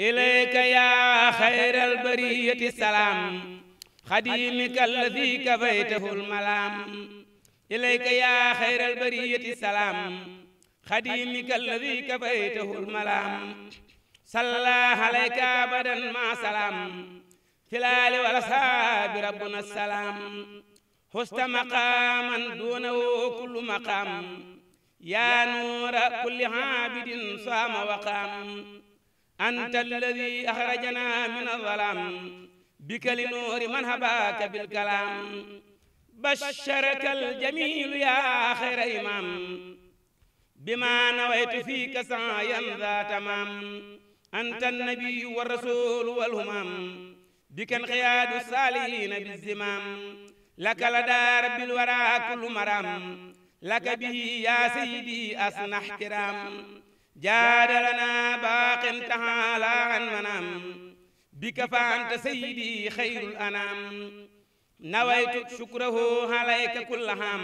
ilayka yaa xayral bariyati salaam xadimika alladi kafaytahu lmalaam ilayka yaa xayral bariyati salaam xadimika alladi kafaytahu lmalaam salla alayka abadan ma salaam filaali wala saabi rabbuna salaam husta maqaaman duunahu kullu maqaam yaa nuura kulli aabidin saama waqaam anta alladi axrajana min alzalam bika li nuuri man habaaka bilkalaam basharaka aljamilu ya xayra imam bima nawaytu fiika saayan za tamam anta annabiyu wa rasulu walhumam bika inqiyaadu saalihiina bizimam laka ladaa rabbil wara kullu maram laka bihi ya sayyidi asna ihtiram jaadalana baaqin taxaala an manam bi kafaanta sayyidi xayrul anam nawaytu shukrahu halayka kulla ham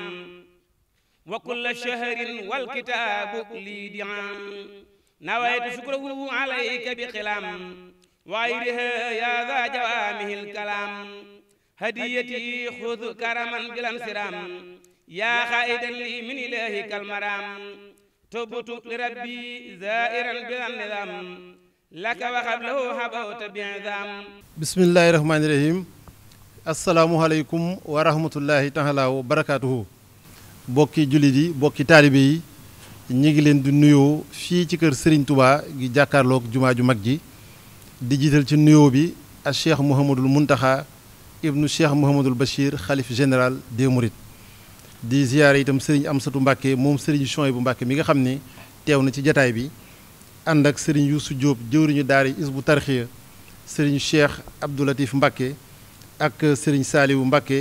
wa kulla shahrin wal kitaabu lii diam nawaytu shukrahu halayka bi xilam وغيرها يا ذا جوامه الكلام هديتي خذ كرما بلا انسرام يا خائدا لي من إلهك المرام tubtu li rabbi zairal bilan nizam laka wa qablahu habawta bi nizam bismillahi rahmaani rahim asalaamualeykum wa rahmatullahi taala barakaatuhu bokki jullit yi bokki taalibe yi ñi ngi leen di nuyoo fii ci kër Serigne tubaa gi jàkkaarloog jumaa ju mag ji di jiital ci nuyoo bi ak cheikh Mouhamadul Mountakha ibnu cheikh Mouhamadul Bachir xalif général des di ziyaare itam sëriñ Amsatu Mbàkke moom sëriñ Chouaïbou Mbàkke mi nga xam ne teew na ci jataay bi ànd ak sëriñ Youssou Diop jëwriñu daara Hizbut Tarqiyyah sëriñ Cheikh Abdoulatif Mbàkke ak sëriñ Saaliwu Mbàkke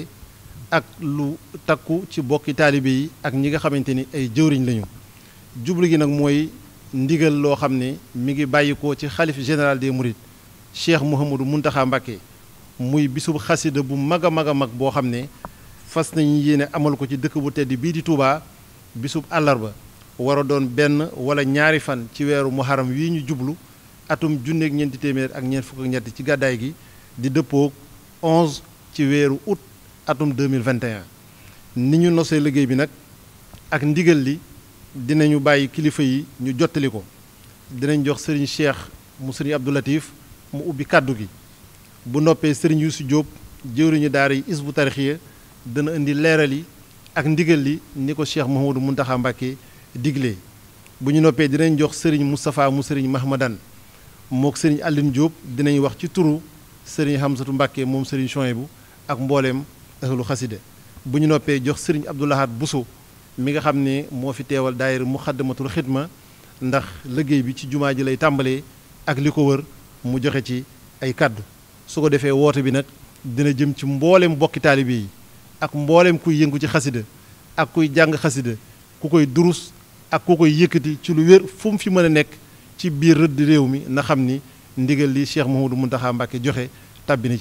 ak lu takku ci bokki taalibe yi ak ñi nga xamante ni ay jëwriñ lañu jublu gi nag mooy ndigal loo xam ne mu ngi bàyyikoo ci xalif général de mourides Cheikh Mouhamadou Mountakha Mbàkke muy bisub xasida bu mag a mag a mag boo xam ne fas nañu yéene amal ko ci dëkk bu tedd bii di Touba bisub àllarba war doon benn wala ñaari fan ci weeru muharam wii ñu jublu atum junneeg ñeenti téeméer ak ñeent fukk ak ci gàddaay gi di dëppoog 11 ci weeru août atum 2021 ni ñu nosee liggéey bi nag ak ndigal li dinañu bàyyi kilifa yi ñu jottali ko dinañ jox sëriñ Cheikh mu sëriñ Abdou Latif mu ubbi kàddu gi bu noppee sëriñ Youssou Diop jëwriñu daara yi isbu tarxiya dana indi leeral yi ak ndigal li ni ko Cheikh Mouhamadou Mountakha Mbacké digle bu ñu noppee dinañ jox sëriñ Moustapha mu sëriñ Mahmadan mook sëriñ Aline Diop dinañ wax ci turu sëriñ Hamsatu Mbacké moom sëriñ bu ak mbooleem ahlu xasida bu ñu noppee jox sëriñ Abdoulahat Bousso mi nga xam ne moo fi teewal daayira Muxaddamatul Xidma ndax liggéey bi ci jumaa ji lay tàmbalee ak li ko wër mu joxe ci ay kàddu su ko defee woote bi nag dina jëm ci mbooleem bokki taalibe ak mboolem kuy yëngu ci xasida ak kuy jàng xasida ku koy durus ak ku koy yëkkati ci lu wér fu mu fi mën a nekk ci biir rëdd réew mi na xam ni ndigal li Cheikh Mouhamadou Mountakha Mbacké joxe tàbbi na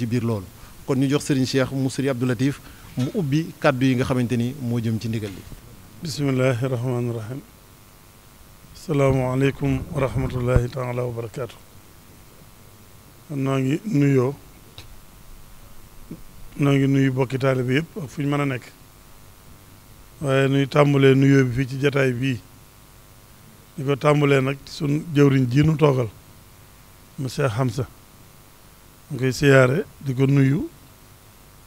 kon ñu jox Serigne Cheikh mu Serigne Abdou mu ubbi kàddu yi nga xamante ni moo jëm ci ndigal li bismillahi rahmaani rahim asalaamaaleykum wa rahmatullahi taala wa barakaatu ngi nuyoo noo ngi nuyu bokki taalibe yëpp ak fu ñu mën a nekk waaye nuy tàmbalee nuyoo bi fii ci jataay bii di ko tàmbalee nag suñ jëwriñ ji nu toogal monsieur Hamza ñu koy siyaare di ko nuyu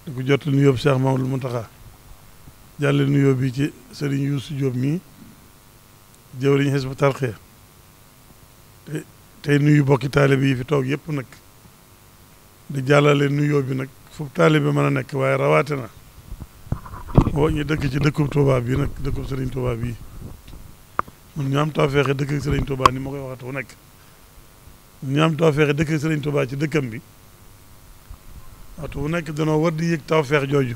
di ko jottali nuyoo bi Cheikh Mamadou Mountakha jàlle nuyoo bi ci sëriñ Youssou Diop mii jëwriñ Hizbut Tarqiyyah te tey nuyu bokki taalibe yi fi toog yëpp nag di jàllale nuyoo bi nag fu taalibe mën a nekk waaye rawaate na boo ñu dëkk ci dëkkub Touba bii nag dëkkub Serigne Touba bii mun ñu am tawfeexe dëkk ak Serigne Touba ni ma koy waxatu nekk ñu am tawfeexe dëkk ak Serigne Touba ci dëkkam bi waxtu bu nekk danoo war di yëg tawfeex jooju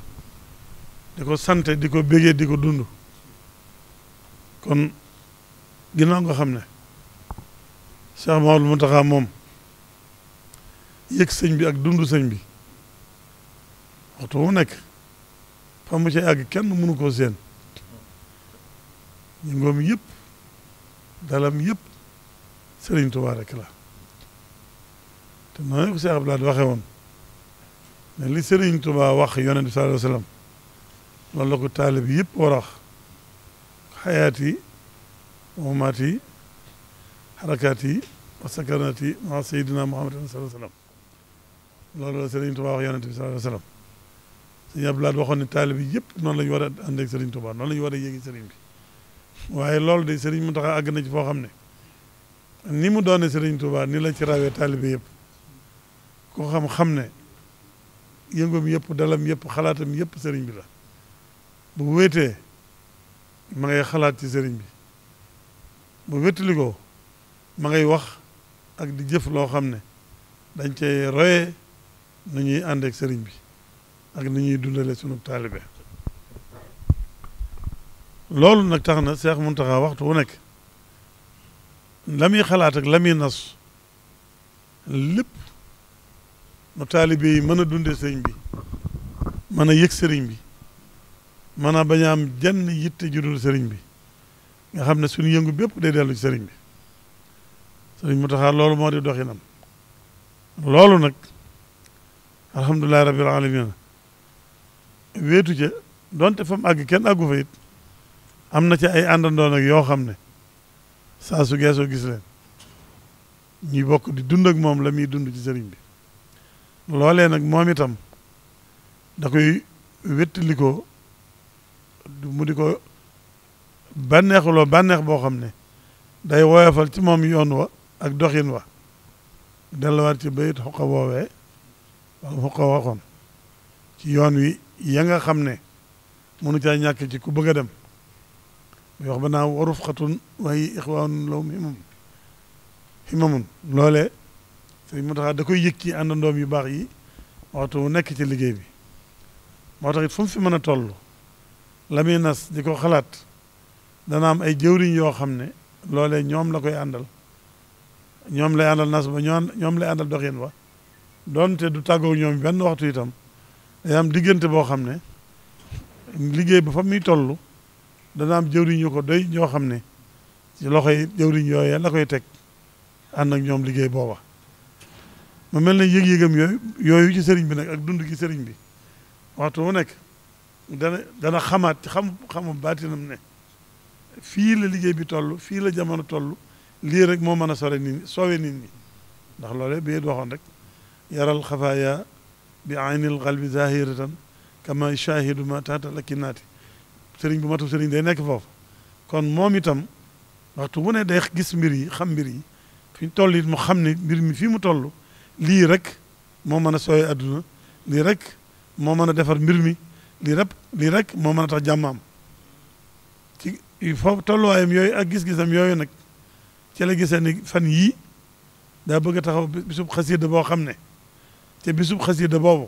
di ko sant di ko bégee di ko dund kon ginnaaw nga xam ne Cheikh Maodo Mountakha moom yëg sëñ bi ak dund sëñ bi waxtu wu nekk fa mu ca àgg kenn mënu ko seen yëngoom yëpp dalam yëpp Sëriñ Tuubaa rek la te noonu ko Cheikh Abdoulaye waxe woon ne li Sëriñ Tuubaa wax yonent bi sallallahu alayhi wasallam loolu la taalib yëpp war a wax xayaat yi moomaat yi xarakaat yi wa sakanaat yi ma Seydina Muhammad sallallahu alayhi wasallam loolu la Sëriñ Tuubaa wax yonent bi sallallahu sëñ Abdou Lahad waxoon ne taalibe yëpp noonu la ñu war a ànd ak Serigne Touba noonu ñu war a yéegi Serigne bi waaye loolu de Serigne Mountakha àgg na ci foo xam ne ni mu doone Serigne Touba ni la ci rawee taalibe yëpp koo xam xam ne yëngoom yëpp dalam yëpp xalaatam yëpp Serigne bi la bu wéetee ma ngay xalaat ci Serigne bi bu wéttali ko ma ngay wax ak di jëf loo xam ne dañ cay royee nu ñuy ànd ak bi. ak ni ñuy dundele sunu taalibe loolu nag tax na Seex taxa waxtu wu nekk la muy xalaat ak nas lépp nu taalibe mën a dunde sëriñ bi mën a yëg sëriñ bi mën a bañ a am jenn yitte ju sëriñ bi nga xam ne suñu yëngu bépp day dellu ci sëriñ bi sëriñ Muntaxa loolu moo di doxinam loolu nag alhamdulillahi rabbil alamin wéetu ca donte fa mu àgg kenn àggu fa am na ci ay àndandoo nag yoo xam ne saa su geesoo gis leen ñuy bokk di dund ak moom la muy dund ci sëriñ bi loolee nag moom itam da koy wéttali mu di ko bànneexuloo bànneex boo xam ne day woyofal ci moom yoon wa ak doxin wa delluwaat ci bayit xuqa woowee wala xuqa waxoon ci yoon wi ya nga xam ne mënu caa ñàkk ci ku bëgg a dem muy wax ba naa waruf xatun waaye ixwaanun lawum himam himamun loolee sëriñ Muntaxa da koy yëg ci àndandoom yu baax yi waxtu wu nekk ci liggéey bi moo tax it fu mu fi mën a toll la muy nas di ko xalaat dana ay jëwriñ yoo xam ne loole ñoom la koy àndal ñoom lay àndal nas ba ñoom lay àndal doxin ba doonte du tàggoo ñoom benn waxtu itam day am diggante boo xam ne liggéey ba fa muy toll dana am jëwriñ ko doy ñoo xam ne ci loxoy jëwriñ yooya la koy teg ànd ak ñoom liggéey booba mu mel ne yëg-yëgam yooyu yooyu ci sëriñ bi nag ak dund gi sëriñ bi waxtu wu nekk dana dana xamaat ci xam xamu baatinam ne fii la liggéey bi toll fii la jamono toll lii rek moo mën a sore nit ñi soowee nit ñi ndax loolee bi waxoon rek yaral xafaaya bi aynil xalbi zahiratan kama shahidu ma taata lakki naati sëriñ bu matu sëriñ day nekk foofu kon moom itam waxtu bu ne day gis mbir yi xam mbir yi fi mu toll it mu xam ne mbir mi fii mu toll lii rek moo mën a sooy adduna lii rek moo mën a defar mbir mi lii rek lii rek moo mën a tax jàmm am ci foofu tolluwaayam yooyu a gis-gisam yooyu nag ci la gisee ni fan yii daa bëgg a taxaw bisub xasida boo xam ne ca bisub xasida boobu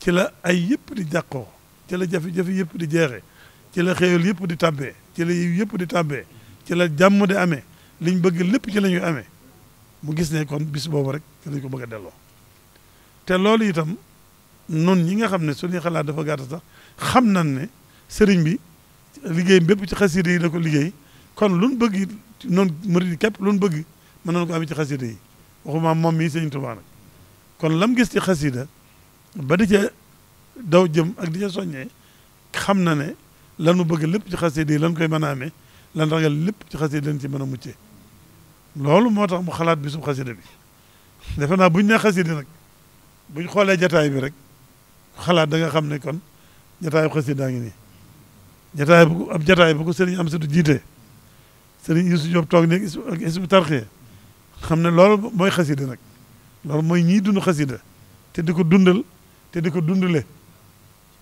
ci la ay yëpp di jàqoo ci la jafe-jafe yëpp di jeexe ci la xéewal yëpp di tàbbee ci la yiw yëpp di tàbbee ci la jàmm di amee liñ bëgg lépp ci la ñuy amee mu gis ne kon bis boobu rek ci lañ ko bëgg a delloo te loolu itam noon ñi nga xam ne suñuy xalaat dafa gàtt sax xam nañ ne sëriñ bi liggéey bépp ci xasida yi la ko liggéey kon luñ bëgg noon murid képp luñ bëgg mën noon ko amee ci xasida yi waxuma moom mii sëriñ Tuubaa nag kon lam gis ci xasida ba di ca daw jëm ak di ca soññee xam na ne lanu bëgg lépp ci xasida yi lan koy mën a amee lan ragal lépp ci xasida yi lañ ci mën a muccee loolu moo tax mu xalaat bisu xasida bi defe naa buñ ne xasida nag buñ xoolee jataay bi rek xalaat da xam ne kon jataayu xasida ngi nii jataay bu ab jataay bu ko sëriñ am du jiite sëriñ Youssou Diop toog ne ak isbu tarxiya xam ne loolu mooy xasida nag loolu mooy ñii dund xasida te di ko dundal te di ko dundule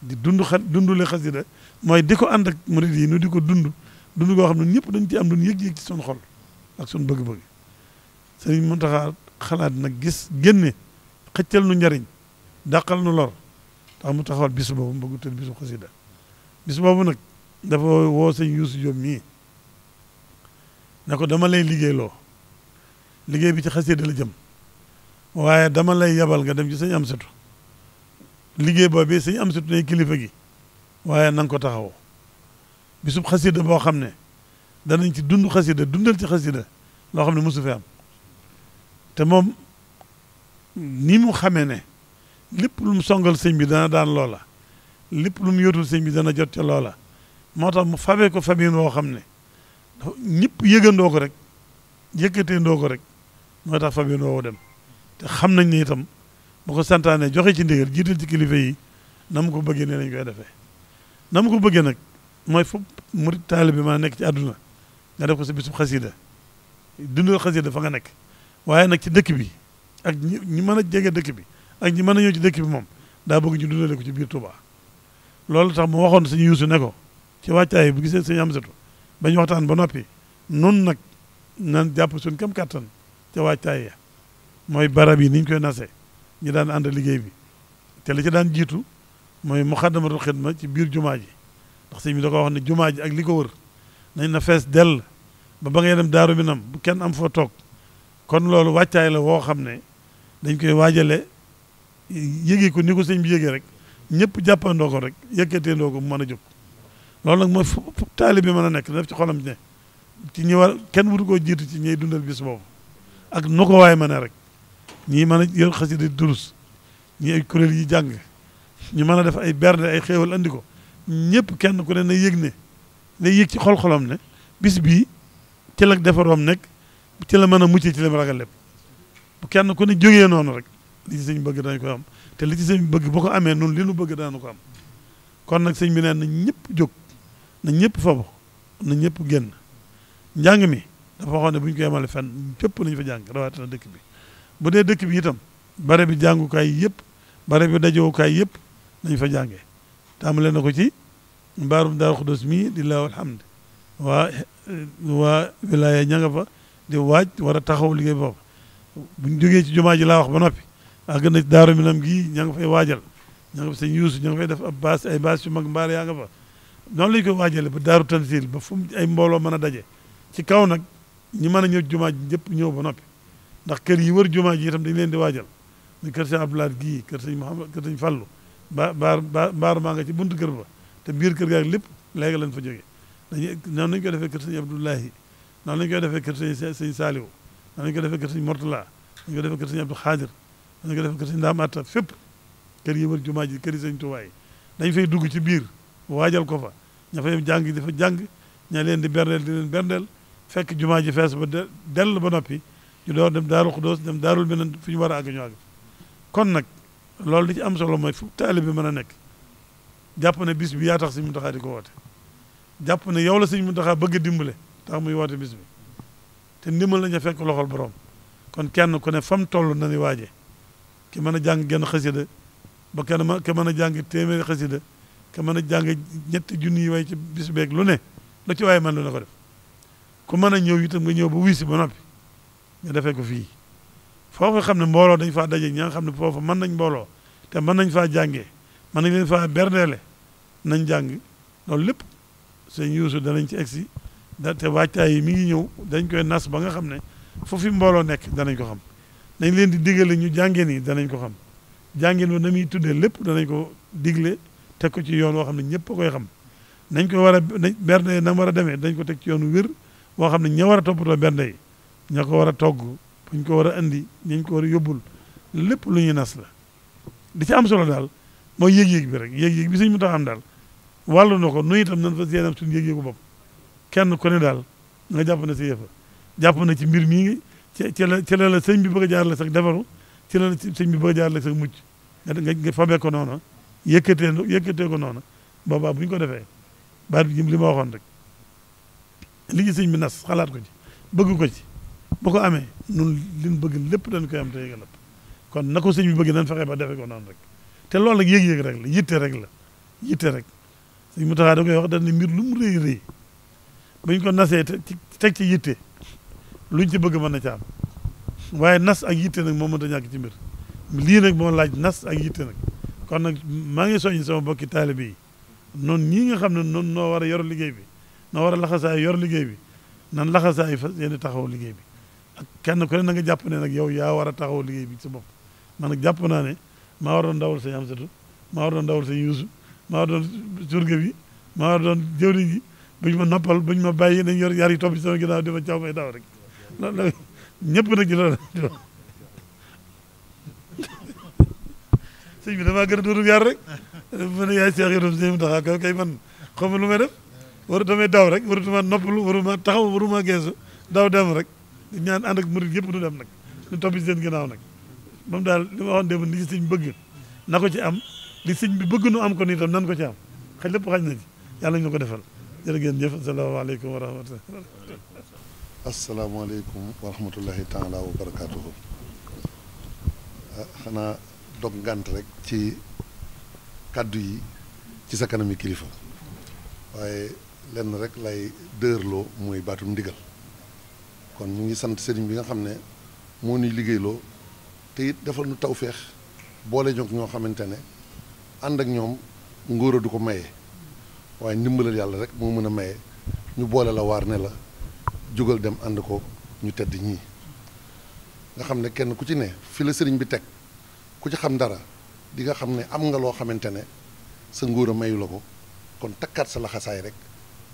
di dund xa le xasida mooy di ko ànd ak murid yi nu di ko dund dund goo xam ne ñëpp dañ ci am duñ yëg-yëg ci suñu xol ak suñu bëgg-bëgg sëriñ Muntaxa xalaat nag gis génne xëccal nu njariñ dàqal nu lor tax mu taxawal bis boobu mu bëgg tudd bisu xasida bis boobu nag dafa woo sëñ Yuusu Jóob mii ne ko dama lay liggéeyloo liggéey bi ci xasida la jëm waaye dama lay yabal nga dem ci sëñ Amsatu liggéey boobee sëñ Amsatu ne kilifa gi waaye na ko taxaw bisub xasida boo xam ne danañ ci dund xasida dundal ci xasida loo xam ne mosu fi am te moom ni mu xamee ne lépp lu mu songal sëñ bi dana daan loola lépp lu mu yóotul sëñ bi dana jot ca loola moo tax mu fabee ko famille boo xam ne ñëpp yëgandoo ko rek yëkkatee ndoo ko rek moo tax famille woo dem te xam nañ ne itam bu ko santaane joxe ci ndigal jiital ci kilifa yi na mu ko bëggee ne lañ koy defee na mu ko bëggee nag mooy fu murit taalibe bi maa nekk ci àdduna nga def ko sa bisub xasida dundal xasida fa nga nekk waaye nag ci dëkk bi ak ñi mën a jege dëkk bi ak ñi mën a ñëw ci dëkk bi moom daa bëgg ñu dundale ko ci biir Touba loolu tax mu waxoon suñu yuusu ne ko ci wàccaay bu gisee suñu amsatu bañ waxtaan ba noppi nun nag nan jàpp suñ kam kàttan ca wàccaay ya mooy barab yi niñ koy nase ñi daan ànd liggéey bi te li ci daan jiitu mooy muxaddamatul xidma ci biir jumaa ji ndax sëñ bi da ne jumaa ji ak li ko wër nañ na fees dell ba ba ngay dem daaru nam kenn am foo toog kon loolu wàccaay la woo xam ne dañ koy waajale yëgee ko ni ko sëñ bi yëgee rek ñëpp jàppandoo ko rek yëkkateendoo ko mu mën a jóg loolu nag mooy fu taali bi mën a nekk def ci xolam ne ci ñëwal kenn wutu koo jiitu ci ñiy dundal bis boobu ak nu ko waay mën rek ñii mën a yor xasida durus ñii ay kuréel yi jàng ñu mën a def ay bernde ay xéewal andi ko ñëpp kenn ku ne na yëg ne na yëg ci xol-xolam ne bis bii ci la defaroom nekk ci la mën a mucc ci la ragal lépp bu kenn ku ne jógee noonu rek li ci sëñ bëgg dañ ko am te li ci sëñ bëgg bu ko amee noonu li nu bëgg daanu ko am kon nag sëñ bi nee na ñëpp jóg na ñëpp fabu na ñëpp génn njàng mi dafa waxoon ne buñ ñu ko yemale fenn cëpp nañu fa jàng rawatina dëkk bi bu dee dëkk bi itam bare bi jàngukaay yëpp bare bi dajowukaay yëpp nañ fa jàngee tàmbale na ko ci mbaarum daar xudus mii di la alhamd waa waa wilaya ña nga fa di waaj war a taxaw liggéey foofu buñ jógee ci jumaa ji laa wax ba noppi àgg na daaru nam gii ña nga fay waajal ña nga fa sëñ yuusu ña nga fay def ab baas ay baas yu mag mbaar yaa nga fa noonu lañ koy waajale ba daaru tansil ba fu ay mbooloo mën a daje ci kaw nag ñi mën a ñëw jumaa ji ñëpp ñëw ba noppi ndax kër yi wër jumaa ji itam dañ leen di waajal ni kër sëñ Abdoulaye gii kër sëñ Mouhamad kër sëñ Fallou ba baar baar maa nga ci bunt kër ba te biir kër gaak lépp léegi lañ fa jógee dañuy noonu lañ koy defee kër sëñ Abdoulahi noonu lañ koy defee kër sëñ sëñ Saliou noonu lañ defee kër sëñ Mortala dañ koy defee kër sëñ Abdou Khadir dañ koy defee kër sëñ Ndaam Atta kër yi wër jumaa ji kër yi sëñ Tuubaa dañ fay dugg ci biir waajal ko fa ña fay jàng dafa jàng ña leen di berndeel di leen berndeel fekk jumaa ji fees ba dell ba noppi ñu door dem daarul xudóos dem daarul beneen fi ñu war a àgg ñu àgg kon nag loolu li ci am solo mooy fu taali bi mën a nekk jàpp ne bis bi yaa tax sëñ Muntaxa di ko woote jàpp ne yow la sëñ Muntaxa bëgg a dimbale tax muy woote bis bi te ndimbal lañu fekk loxol borom kon kenn ku ne fam toll na ni waaje ki mën a jàng genn xasida ba kenn ma ke mën a jàng téeméeri xasida ke mën a jàng ñetti junni yi way ci bis beeg lu ne la ci waaye man lu ne ko def ku mën a ñëw itam nga ñëw ba wisi ba noppi ñu defee ko fii foofu xam ne mbooloo dañ fa daje ña xam ne foofu mën nañ mbooloo te mën nañ faa jàngee mën nañ leen faa berdeele nañ jàng loolu lépp sëñ Yuusu danañ ci egsi da te waajtaay yi mi ngi ñëw dañ koy nas ba nga xam ne foofu mbooloo nekk danañ ko xam nañ leen di digale ñu jàngee nii danañ ko xam jàngeen ba na muy tuddee lépp danañ ko digle teg ko ci yoon woo xam ne ñëpp a koy xam nañ ko war a bernde na war demee dañ ko teg ci yoon wér woo xam ne ña war a toppatoo bernde ña ko war a togg buñ ko war a andi ñañ ko war a yóbbul lépp lu ñuy nas la di ci am solo daal mooy yéeg-yéeg bi rek yéeg-yéeg bi suñ mu tax daal wàllu na ko nuyu itam nan fa seenam suñ yéeg-yéegu bopp kenn ku ne daal nga jàpp na si yëfa jàpp na ci mbir mii ci ci la ci la sëñ bi bëgg a jaarale sax ci la sëñ bi bëgg a jaarale sax mucc nga nga fabee ko noona yëkkatee yëkkatee ko noona boobaa bu ñu ko defee baat bi li ma waxoon rek li sëñ bi nas xalaat ko ci bëgg ko ci bu ko amee nun liñ bëgg lépp dañ koy yam te la kon nako ko bi bëgg nañ fexe ba defe ko noonu rek te loolu nag yëg-yëg rek la yitte rek la yitte rek sëñ mu taxaa da koy wax dañ ne mbir lu mu rëy rëy bu ñu ko nasee teg ci yitte luñ ci bëgg mën na ci am waaye nas ak yitte nag moo mënta ñàkk ci mbir lii rek moo laaj nas ak yitte nag kon nag maa ngi soññ sama bokki taalibe yi noonu ñii nga xam ne noonu noo war a yor liggéey bi noo war a laxasaay yor liggéey bi nan laxasaay fas yéene taxaw liggéey bi ak kenn ku ne na nga jàpp ne nag yow yaa war a taxaw liggéey bi ci bopp man nag jàpp naa ne maa war doon dawal sëñ Amsatu maa war doon dawal sëñ Yuusu maa war doon surga bi war doon jëwriñ ji buñ ma noppal buñ ma dañ ma caw may daw rek loolu ñëpp nag ci loolu sëñ bi damaa a ma lu may def waru damay daw rek warutuma taxaw waruma geesu daw dem rek ñaan ànd ak murid yëpp nu dem nag ñu topp ci seen ginnaaw nag moom daal li ma waxoon démb li ci sëñ bëgg na ko ci am li siñ bi bëgg nu am ko nii tam nan ko ci am lépp xaj na yàlla ñu ko defal jërë ngeen jëf asalaamaaleykum wa rahmatulah asalaamaaleykum wa rahmatulahi ah, xanaa dog ngant rek ci kàddu yi ci sa kanami kilifa waaye lenn rek lay dërloo mooy baatum ndigal kon ñu ngi sant sëriñ bi nga xam ne moo nuy liggéeyloo te it defal nu taw feex boole ñoog ñoo xamante ne ànd ak ñoom ngóora du ko maye waaye ndimbalal yàlla rek moo mën a maye ñu boole la waar ne la jógal dem ànd ko ñu tedd ñii nga xam ne kenn ku ci ne fi la sëriñ bi teg ku ci xam dara di nga xam ne am nga loo xamante ne sa ngóora mayu la ko kon takkaat sa laxasaay rek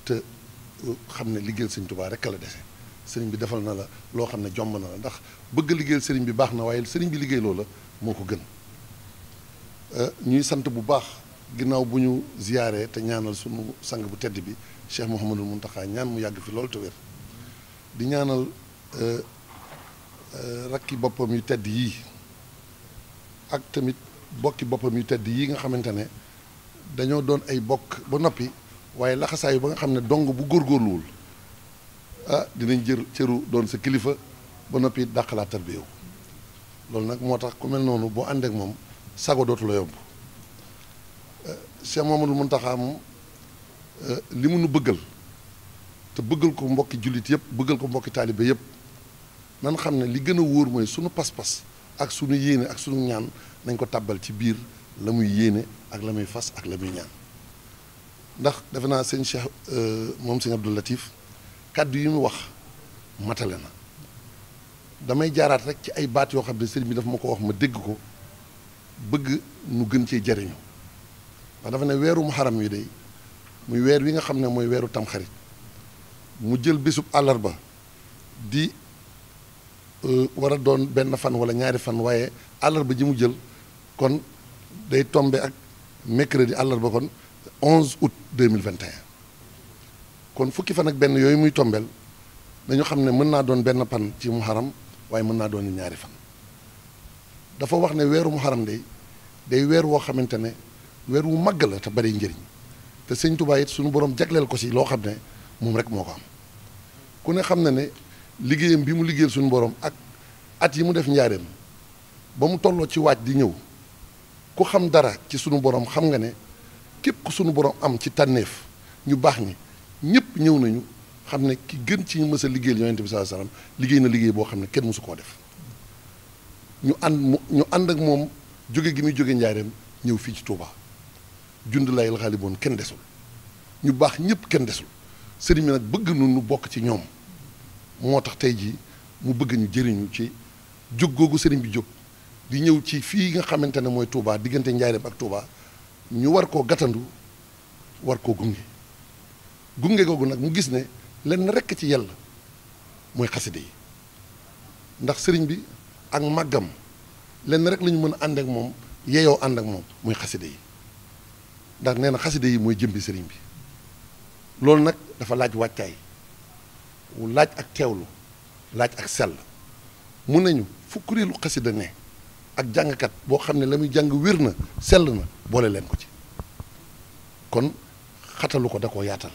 te uh, xam ne liggéeyal sëñ Tuubaa rek la dese sëriñ bi defal na la loo xam ne jomb na la ndax bëgg liggéeyal sëriñ bi baax na waaye sëriñ bi liggéey la moo ko gën euh, ñuy sant bu baax ginnaaw bu ñu ziyaaree te ñaanal sunu sang bu tedd bi Cheikh Mouhamadul Mountakha ñaan mu yàgg fi loolu te wér di ñaanal euh, euh, rakki boppam yu tedd yii ak tamit bokki boppam yu tedd yii nga xamante ne dañoo doon ay bokk ba noppi waaye laxasaayu ba nga xam ne dong bu góorgóorluwul ah dinañ jër cëru doon sa kilifa ba noppi it dàq laa tarbiyewu loolu nag moo tax ku mel noonu boo àndeek moom sago dootu la yomb eh, Cheikh Mamadou Mountakha moom eh, li mu nu bëggal te bëggal ko mbokki jullit yëpp bëggal ko mbokki taalibe yëpp nan xam ne li gën a wóor mooy sunu pas-pas ak sunu yéene ak sunu ñaan nañ ko tàbbal ci biir la muy yéene ak la muy fas ak la muy ñaan ndax defe naa sëñ Cheikh eh, moom sëñ Abdou Latif kàddu yi mu wax matale na damay jaaraat rek ci ay baat yoo xam ne sëriñ bi dafa ma ko wax ma dégg ko bëgg nu gën ci jariñu ndax dafa ne weeru muharram yi day muy weer wi nga xam ne mooy weeru tamxarit mu jël bésub àllarba di euh, war doon benn fan wala ñaari fan waaye àllarba ji mu jël kon day tombe ak mercredi àllarba kon 11 août 2021 kon fukki fan ak benn yooyu muy tombel dañu xam ne mën naa doon benn pan ci muharam waaye mën naa doon ñaari fan dafa wax ne weeru muharam day day weer woo xamante ne weer wu màgg la te bari njëriñ te sëñ Tuubaa it suñu borom jagleel ko si loo xam ne moom rek moo ko am ku ne xam na ne liggéeyam bi mu liggéeyal suñu borom ak at yi mu def njaareem ba mu tolloo ci waaj di ñëw ku xam dara ci sunu boroom xam nga ne képp ku sunu borom am ci tànneef ñu baax ni ñëpp ñëw nañu xam ne ki gën ci ñu mës a liggéeyal yonent bi sallallahu alayhi wasallam liggéey na liggéey boo xam ne kenn mësu koo def ñu ànd mu ñu ànd ak moom jóge gi muy jóge njaareem ñëw fii ci Touba jund lay la kenn desul ñu baax ñëpp kenn desul sëriñ bi nag bëgg nu nu bokk ci ñoom moo tax tey jii mu bëgg ñu jëriñu ci jóg googu sëriñ bi jóg di ñëw ci fii nga xamante ne mooy Touba diggante njaareem ak Touba ñu war koo gàttandu war koo gunge. gunge googu nag mu gis ne lenn rekk ci yàlla mooy xaside yi ndax sëriñ bi ak màggam lenn rek la mën a ànd ak moom yeeyoo ànd ak moom muy xaside yi ndax nee na xaside yi mooy jëmbi sëriñ bi loolu nag dafa laaj wàccaay wu laaj ak teewlu laaj ak sell mun nañu fu kuréelu xasida ne ak jàngkat boo xam ne la muy jàng wér na sell na boole leen ko ci kon xatalu ko da koo yaatal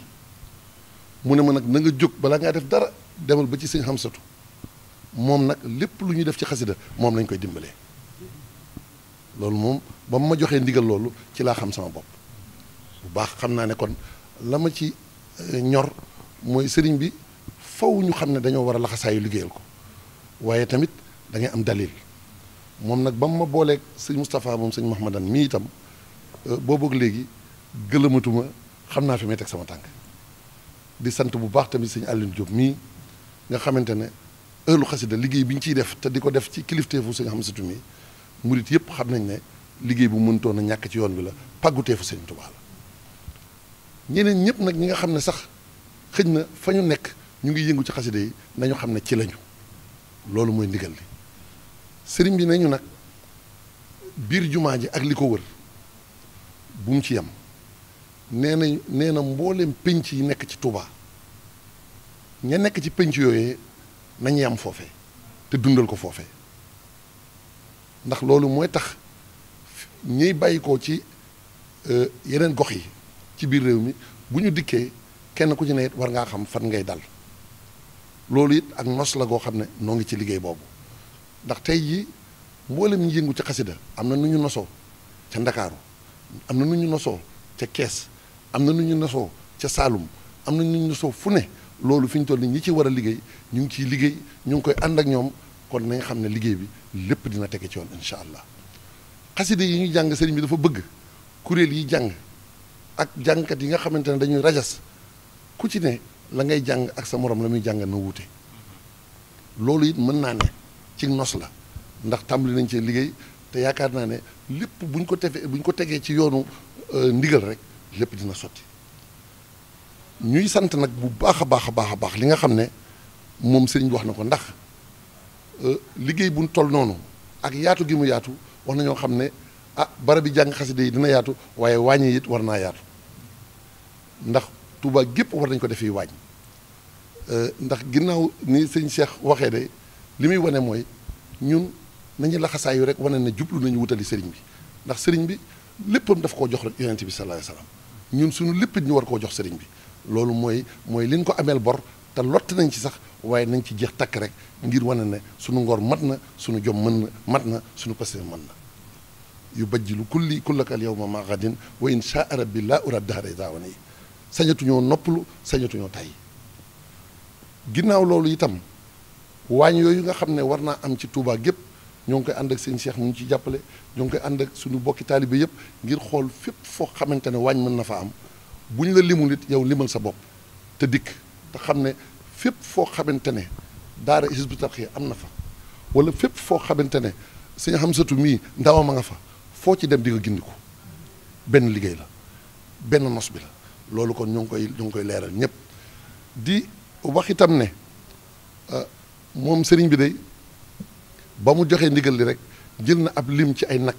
mu ne ma nag nanga jóg balaa ngaa def dara demal ba ci sëñ xamsatu moom nag lépp lu ñuy def ci xasida moom lañ koy dimbalee loolu moom ba mu ma joxee ndigal loolu ci laa xam sama bopp bu baax xam naa ne kon la ma ci eh, ñor mooy sëriñ bi faw ñu xam ne dañoo war a laxasaayu liggéeyal ko waaye tamit dangay am dalil moom nag ba mu ma booleeg sëñ Moustapha moom sëñ Mahamadan mii itam eh, boobu léegi gëlëmatuma xam naa fi may teg sama tànk di sant bu baax tamit sëñ Alioune Diop mii nga xamante ne ëllu xasida liggéey bi ñu ciy def te di ko def ci xam sëñ Hamsatu mii murit yëpp xam nañ ne liggéey bu mëntoon a ñàkk ci yoon bi la pàggutee fu Tuubaa la ñeneen ñëpp nag ñi nga xam ne sax xëñ na fa ñu nekk ñu ngi yëngu ci xasida yi nañu xam ne ci lañu loolu mooy ndigal li sëriñ bi nañu nag biir jumaa ji ak li ko wër bu mu ci yem nee nañ nee na mbooleem pénc yi nekk ci Touba ña nekk ci pénc yooyee nañuy am foofe te dundal ko foofe ndax loolu mooy tax ñuy bàyyikoo ko ci euh, yeneen gox yi ci biir réew mi bu ñu dikkee kenn ku ci ne war ngaa xam fan ngay dal loolu it ak nos la goo xam ne noo ngi ci liggéey boobu ndax tey mboolem ñu yëngu ca xasida am na nu ñu nosoo ca Ndakaaru am na nu ñu nosoo ca Kees am na nu ñu nasoo ca Saalum am na nu ñu nasoo fu ne loolu fi ñu toll nii ñi ci war a liggéey ñu ngi ciy liggéey ñu ngi koy ànd ak ñoom kon nañ xam ne liggéey bi lépp dina tege ci yoon incha allah xaside yi ñu jàng sëriñ bi dafa bëgg kuréel yi jàng ak jàngkat yi nga xamante ne dañuy rajas ku ci ne la ngay jàng ak sa morom la muy jàng na wuute loolu it mën naa ne ci nos la ndax tàmbali nañ cee liggéey te yaakaar naa ne lépp bu ko tefee bu ñu ko tegee ci yoonu euh, ndigal rek. lépp dina sotti ñuy sant nag bu baax a baax a baax a baax li nga xam ne moom sëriñ bi wax na ko ndax euh, liggéey bu toll noonu ak yaatu gi mu yaatu wax nañoo xam ne ah barabi jàng xasida yi dina yaatu waaye wàññi it war naa yaatu ndax Tuubaa gépp war nañ ko defee wàññ euh, ndax ginnaaw ni sëñ Cheikh waxee de li muy wane mooy ñun nañu laxasaayu rek wane na jublu nañu wutali sëriñ bi ndax sëriñ bi léppam daf koo jox rek yonente bi sallallahu alayhi ñun suñu lépp ñu war koo jox sëriñ bi loolu mooy mooy liñ ko ameel bor te lott nañ ci sax waaye nañ ci jeex takk rek ngir wane ne suñu ngor mat na suñu jom mën na mat na suñu passé mën na yu bajjilu kulli kullaka al yawma ma ghadin wa in shaa rabbi laa ura dahra daawana yi sañatuñoo noppalu sañatuñoo tàyyi ginnaaw loolu itam waañ yooyu nga xam ne war naa am ci Tuubaa gépp ñoo ngi koy ànd ak seen Cheikh mu ngi ciy jàppale ñoo ngi koy ànd ak suñu bokki taalibe yëpp ngir xool fépp foo xamante ne wàññi mën na fa am bu ñu la limul it yow limal sa bopp te dikk te xam ne fépp foo xamante ne daara Hizbut Tarqiyyah am na fa wala fépp foo xamante ne sëñ Hamsatu mii ndawam a nga fa foo ci dem di nga gindi ko benn liggéey la benn nos bi la loolu kon ñoo ngi koy ñoo koy leeral ñëpp di wax itam ne euh, moom sëriñ bi day ba mu joxee ndigal li rek jël na ab lim ci ay nag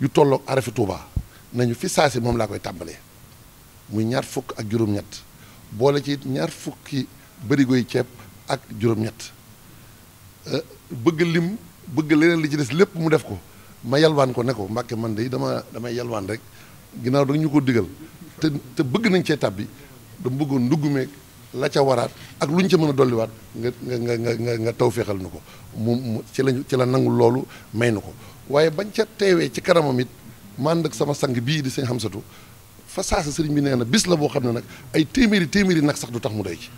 yu tolloog arafi Touba nañu fi saasi moom laa koy tàmbalee muy ñaar fukk ak juróom-ñett boole ci ñaar fukki bërigo ceeb ak juróom-ñett euh, bëgg lim bëgg leneen li ci des lépp mu def ko ma yalwaan ko ne ko Mbàkke man de dama damay yalwaan rek ginnaaw da ko digal te te bëgg nañ cee tàbbi dama bëggoon ndugg la ca waraat ak lu ñu ca mën a dolliwaat nga nga nga nga nga tawféexal nu ko mu ci lañu ci la nangu loolu may nu ko waaye bañ ca teewee ci kanamam it man ak sama sang bii di sëñ Xamsatu fa saasa sëriñ bi nee na bis la boo xam ne nag ay téeméeri téeméeri nag sax du tax mu dey ci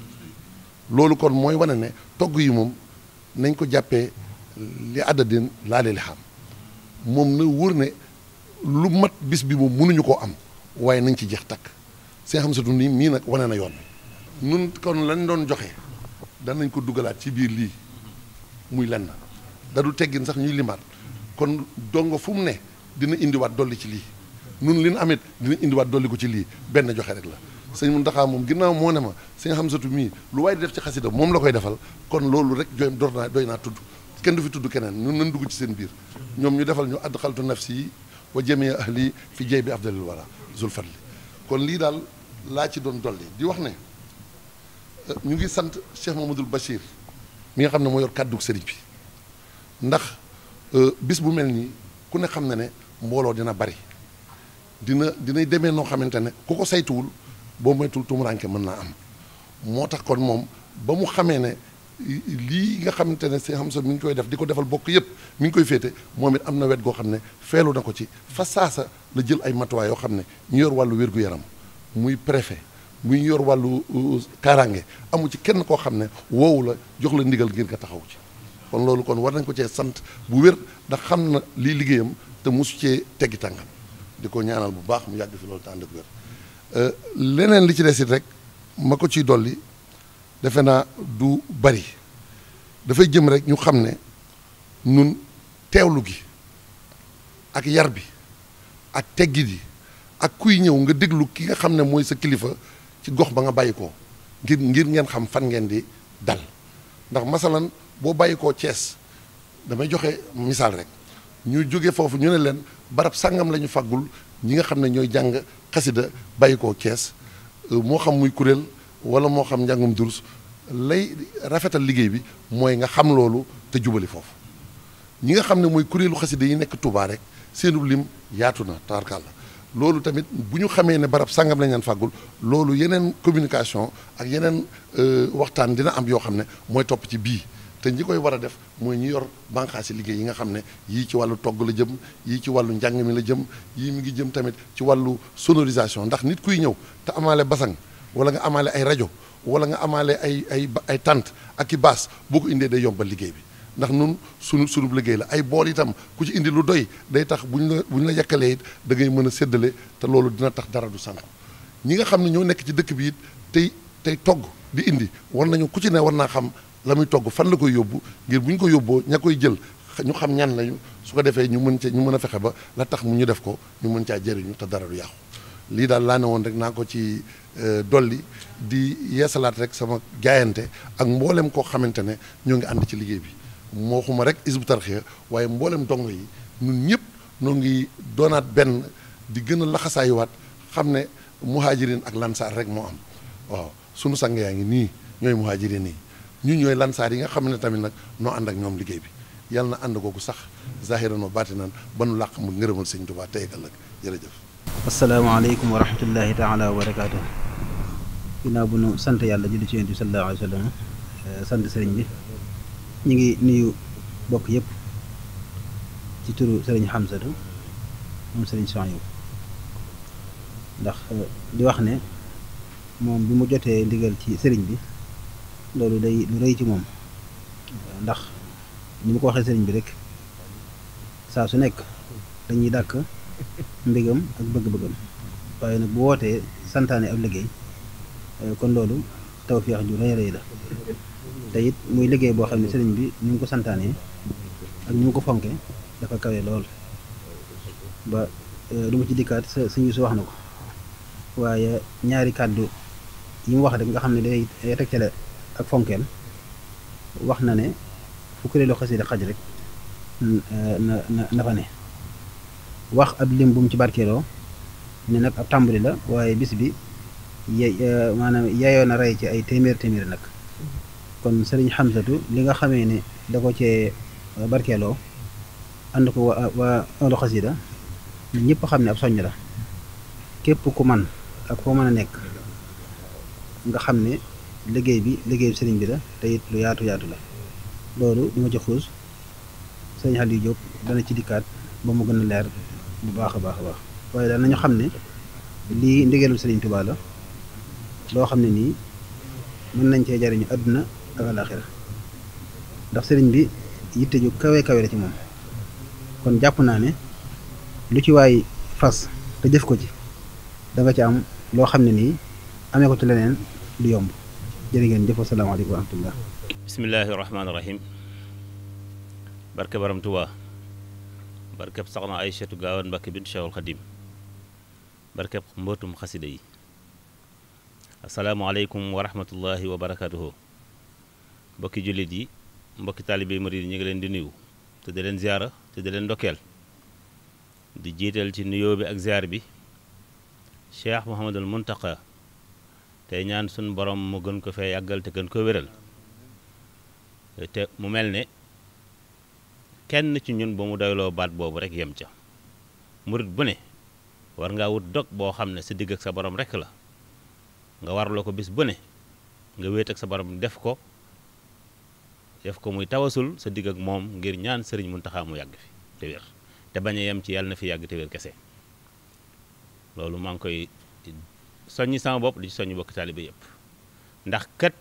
loolu kon mooy wane ne togg yi moom nañ ko jàppee li àddadin laale xam moom na wóor ne lu mat bis bi moom mënuñu koo am waaye nañ ci jeex takk sëñ Xamsatu nii mii nag wane na yoon nun kon lañ doon joxe danañ ko dugalaat ci biir lii muy lenn dadu du teggin sax ñuy limaat kon dongo fu mu ne dina indiwaat dolli ci lii nun li nu amit dina indiwaat dolli ko ci lii benn joxe rek la sëñ Muntaxa moom ginnaaw moo ne ma sëñ Xamsatu mii lu waaye di def ci xasida moom la koy defal kon loolu rek door naa doy naa tudd kenn du fi tudd keneen ñun lañ dugg ci seen biir ñoom ñu defal ñu add xaltu nafsi yi wa jamii ahli fi jay bi afdalil wara zulfat li kon lii daal laa ci doon dolli di wax ne ñu ngi sant Cheikh Mamadou Bachir mi nga xam ne moo yor kàddu sëriñ bi ndax euh, bis bu mel nii ku ne xam ne ne mbooloo dina bari dina dinay demee noo xamante ne ku ko saytuwul boo moytul tumuranke mën naa am moo tax kon moom ba mu xamee ne lii nga xamante ne Cheikh Hamza mi ngi koy def di ko defal bokk yëpp mi ngi koy féete moom it am na wet goo xam ne feelu na ko ci fa saasa la jël ay matuwaay yoo xam ne ñu yor wàllu wér-gu-yaram muy préfet muy yor wàllu kaaraange amu ci kenn koo xam ne woowu la jox la ndigal ngir nga taxaw ci kon loolu kon war nañ ko cee sant bu wér ndax xam na lii liggéeyam te mosu cee teggi tàngam di ko ñaanal bu baax mu yàgg fi loolu te ànd wér euh, leneen li ci des it rek ma ko ciy dolli defe naa du bari dafay jëm rek ñu xam ne nun teewlu gi ak yar bi ak teggit yi ak kuy ñëw nga déglu ki nga xam ne mooy sa kilifa ci gox ba nga bàyyi ko ngir ngir ngeen xam fan ngeen di dal ndax masalan boo bàyyi koo Cees damay joxe misaal rek ñu jóge foofu ñu ne leen barab sàngam la ñu fàggul ñi nga xam ne ñooy jàng xasida bàyyi koo Cees euh, moo xam muy kuréel wala moo xam njàngum durus lay rafetal liggéey bi mooy nga xam loolu te jubali foofu ñi nga xam ne mooy kuréelu xasida yi nekk Touba rek seenub lim yaatu na taarkaal la loolu tamit bu ñu xamee ne barab sangam lañ leen fàggul loolu yeneen communication ak yeneen euh, waxtaan dina am yoo xam ne mooy topp ci bii te ñi koy war a def mooy ñu yor bànqaasi liggéey yi nga xam ne yii ci wàllu togg la jëm yii ci wàllu njàng mi la jëm yii mi ngi jëm tamit ci wàllu sonorisation ndax nit kuy ñëw te amaale basan wala nga amaale ay rajo wala nga amaale ay ay ay tànt ak i baas boo ko indee day yombal liggéey bi ndax nun suñu suñu liggéey la ay bool itam ku ci indi lu doy day tax bu ñu la bu ñu la yàkkalee da ngay mën a séddale te loolu dina tax dara du sànq ñi nga xam ne ñoo nekk ci dëkk bi it tey tey togg di indi war nañu ku ci ne war naa xam la muy togg fan la koy yóbbu ngir bu ñu ko yóbboo ña koy jël ñu xam ñan lañu su ko defee ñu mën ca ñu mën a fexe ba la tax mu ñu def ko ñu mën caa jëriñu te dara du yàqu lii daal laa ne woon rek naa ko ci euh, dolli di yeesalaat rek sama jaayante ak mboolem koo xamante ne ñoo ngi ànd ci liggéey bi moo xuma rek isbu tarxiya waaye mboolem dong yi ñun ñëpp noo ngi doonaat benn di gën a laxasaayuwaat xam ne muhaajirin ak lansaar rek moo am waaw sunu sang yaa ngi nii ñooy muhaajirin yi ñun ñooy lansaar yi nga xam ne tamit nag noo ànd ak ñoom liggéey bi yal na ànd kooku sax zahiran wa baatinan ba nu làq mu ngërëmal sëñ Tuubaa tey ak ëllëg jërëjëf. asalaamaaleykum wa rahmatullahi taala wa barakaatu. ginnaaw bu nu sant yàlla julli ci yonent bi sallallahu alayhi wa sallam eh, sant sëriñ ñu ngi nuyu bokk yëpp ci turu sëriñ Xamsatu moom sëriñ Soñu ndax di wax ne moom bi mu jotee ndigal ci sëriñ bi loolu day lu rëy ci moom ndax ni mu ko waxee sëriñ bi rek saa su nekk dañuy dàkk mbégam ak bëgg-bëggam waaye nag bu wootee santaane ab liggéey kon loolu tawfeex ju rëy rëy la te it muy liggéey boo xam ne sëriñ bi ñu ngi ko santaanee ak ñu mu ko fonke dafa kawe lool ba lu euh, ci dikkaat sa suñu su wax na ko waaye ñaari kàddu yi mu wax rek nga xam ne day tegtale ak fonkeel wax na ne fu kuréelu xasida xaj rek euh, na na na fa ne wax ab lim bu mu ci barkeeloo ne nag ab tàmbali la waaye bis bi ye euh, maanaam yeyoo na rey ci ay téeméer téeméer nag kon sëriñ xamsatu li nga xamee ni da ko cee euh, barkeeloo ànd ko waa waa ahlu xasida ñëpp xam ne ab soññ la képp ku man ak foo mën a nekk nga xam ne liggéey bi liggéey bi sëriñ bi la teyit lu yaatu yaatu la loolu du ma ci xuus sëriñ Aliou Diop dana ci dikkaat ba mu gën a leer bu baax a baax a baax waaye daal nañu xam ne lii ndigalul sëriñ Tuubaa loo xam ne nii mën nañ cee jariñu àdduna ak alaxira ndax sëriñ bi yitte ju kawe kawe la ci moom kon jàpp naa ne lu ci waay fas te jëf ko ci da ci am loo xam ne nii amee ko ci leneen du yomb jërë ngeen jëf asalaamaaleykum wa rahmatullah bismillahi rahmaani rahim barke baram Tuubaa barkeb soxna Aysatu barkeb mbootum xasida yi asalaamaaleykum wa rahmatullahi wa mbokki jullit yi mbokki taalibe murid yi ñu ngi leen di nuyu te di leen ziara te di leen ndokkeel di jiital ci nuyoo bi ak ziar bi cheikh Mouhamadul Muntaqa tey ñaan suñ borom mu gën ko fee yàggal te gën koo wéral te mu mel ne kenn ci ñun ba mu doyloo baat boobu rek yem ca murit bu ne war ngaa wut dog boo xam ne sa digg ak sa borom rek la nga warloo ko bis bu ne nga wéet ak sa borom def ko def ko muy tawasul sa digg ak moom ngir ñaan sëriñ Muntaxa mu yàgg fi te wér te bañ a yem ci yàlla na fi yàgg te wér kese loolu maa ngi koy soññi sama bopp li ci bokk taalibe yëpp ndax kat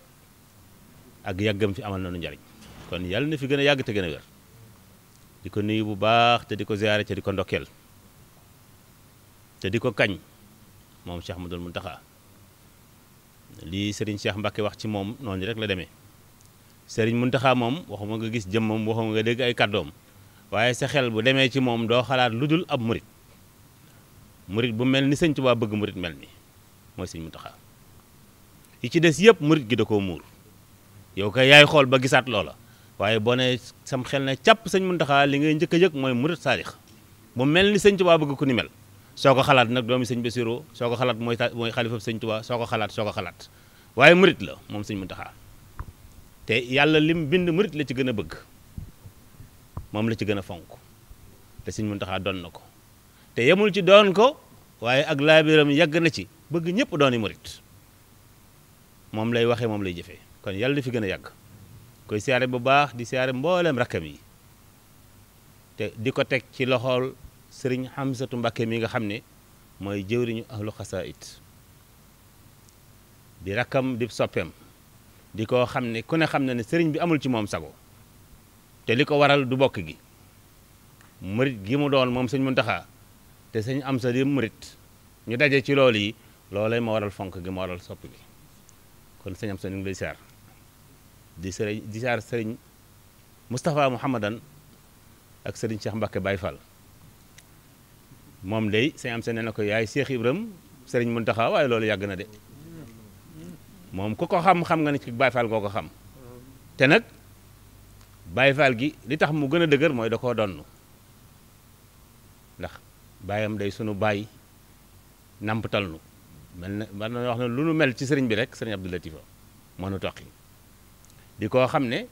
ak yàggam fi amal na njariñ kon yàlla na fi gën a yàgg te ko nuyu bu baax te di ko ziyaare te di te di ko kañ moom Cheikh Ahmadoul Muntaxa lii sëriñ Cheikh Mbacke wax ci moom noonu rek la demee sëriñ Muntaxa moom waxuma nga gis jëmmam waxuma nga dégg ay kàddoom waaye sa xel bu demee ci moom doo xalaat lu dul ab murit murit bu mel ni sëñ Tuubaa bëgg murit mel ni mooy sëñ Muntaxa yi ci des yëpp murit gi koo muur yow kay yaay xool ba gisaat loola waaye boo ne sam xel ne càpp sëñ Muntaxa li ngay njëkk a mooy murit saadix bu mel ni sëñ Tuubaa bëgg ku ni mel soo ko xalaat nag doomi sëñ Basiru soo ko xalaat mooy mooy xalifa sëñ Tuubaa soo ko xalaat soo ko xalaat waaye murit la moom sëñ Muntaxa te yàlla lim bind morit la ci gën a bëgg moom la ci gën a fonk te Sëñ Muntaxa doon na ko te yemul ci doon ko waaye ak laabiram yàgg na ci bëgg ñëpp dooni murit moom lay waxee moom lay jëfee kon yàlla fi gën a yàgg koy siyaare bu baax di siyaare mbooleem rakkam yi te di ko teg ci loxool sëriñ Xamsatu Mbàkke mi nga xam ne mooy jëwriñu ahlu xasaayid di rakkam di soppeem di ko xam ne ku ne xam na ne sëriñ bi amul ci moom sago te li ko waral du bokk gi murit gi mu doon moom sëñ Muntaxa te sëñ am sa di murit ñu daje ci loolu yi lay ma waral fonk gi ma waral sopp gi kon sëñ am sa ñu ngi lay siyaar di sëriñ di siyaar sëriñ Moustapha Mouhamadan ak sëriñ Cheikh Mbacke bay fal moom day sëñ am sa nee na ko yaay Cheikh Ibrahim sëriñ Muntaxa waaye loolu yàgg na de moom ku ko xam xam nga ne ci Baye Fall ngoo ko xam te nag Baye Fall gi li tax mu gën a dëgër mooy da koo donn ndax baayam day sunu baay nampatal nu mel na man na wax ne lu nu mel ci sëriñ bi rek sëriñ Abdou Latifa moo nu toqi di koo xam ne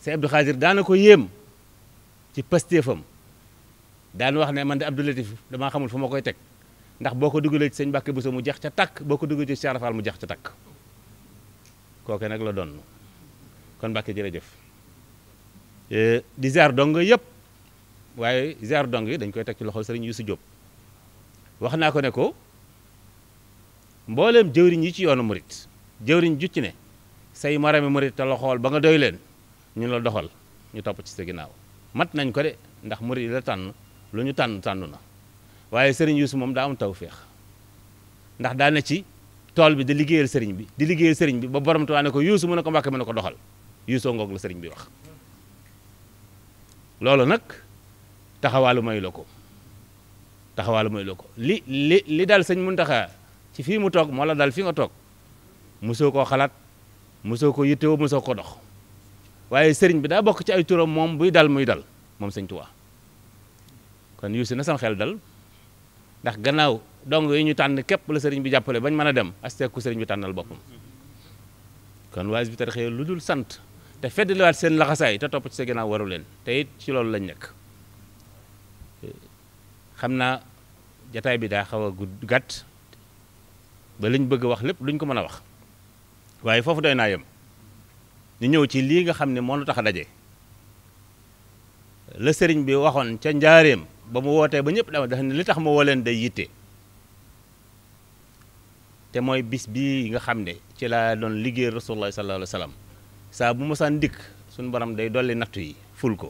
sëriñ Abdou Khadir daana ko yéem ci pastéefam daan wax ne man de Abdou Latif damaa xamul fu ma koy teg ndax boo ko dugalee ci sëñ bu sa mu jeex ca tàkk boo ko dugalee ci Cheikh Rafal mu jeex ca takk kooke nag la doon kon Mbàkke jërëjëf eh, di ziar dong yëpp waaye ziar dong yi dañ koy teg ci loxol sëriñ Yuusu Jóob wax naa ko ne ko mbooleem jëwriñ yi ci yoonu murit jëwriñ ju ci ne say moroomi murit te loxool ba nga doy leen ñu la doxal ñu topp ci sa ginnaaw mat nañ ko de ndax murit yi la tànn lu ñu tànn tànnu na waaye sëriñ Yuusu moom daa am feex ndax daa ci tool bi di liggéeyal sëriñ bi di liggéeyal sëriñ bi ba borom Tuubaa ne ko yuusu mu na ko Mbàkke mu ne ko doxal yuusoo ngoog la sëriñ bi wax loolu nag taxawaalu may la ko taxawaalu may ko li li li daal sëñ mun taxa ci fii mu toog moo la daal fi nga toog mosoo koo xalaat mosoo ko yittewoo mosoo ko dox waaye sëriñ bi daa bokk ci ay turam moom buy daal muy dal moom sëñ Tuubaa kon yuusu na sam xel dal ndax gannaaw donc yi ñu tànn képp la sëriñ bi jàppale bañ mën a dem asteeku sëriñ bi tànnal boppam kon waa Hizbut Tarqiyyah lu dul sant te feddliwaat seen laxasaay te topp ci sa ginnaaw waru leen te ci loolu lañ nekk xam naa jataay bi daa xaw a gudd gàtt ba liñ bëgg wax lépp luñ ko mën a wax waaye foofu doy naa yem ñu ñëw ci lii nga xam ne moo nu tax daje la sëriñ bi waxoon ca njaareem ba mu wootee ba ñëpp dama dafa ne li tax ma woo leen day yitte te mooy bis bii nga xam ne ci laa doon liggéey rasulullah sallallahu alayhi saa bu mosaan dikk suñu borom day dolli nattu yi ful ko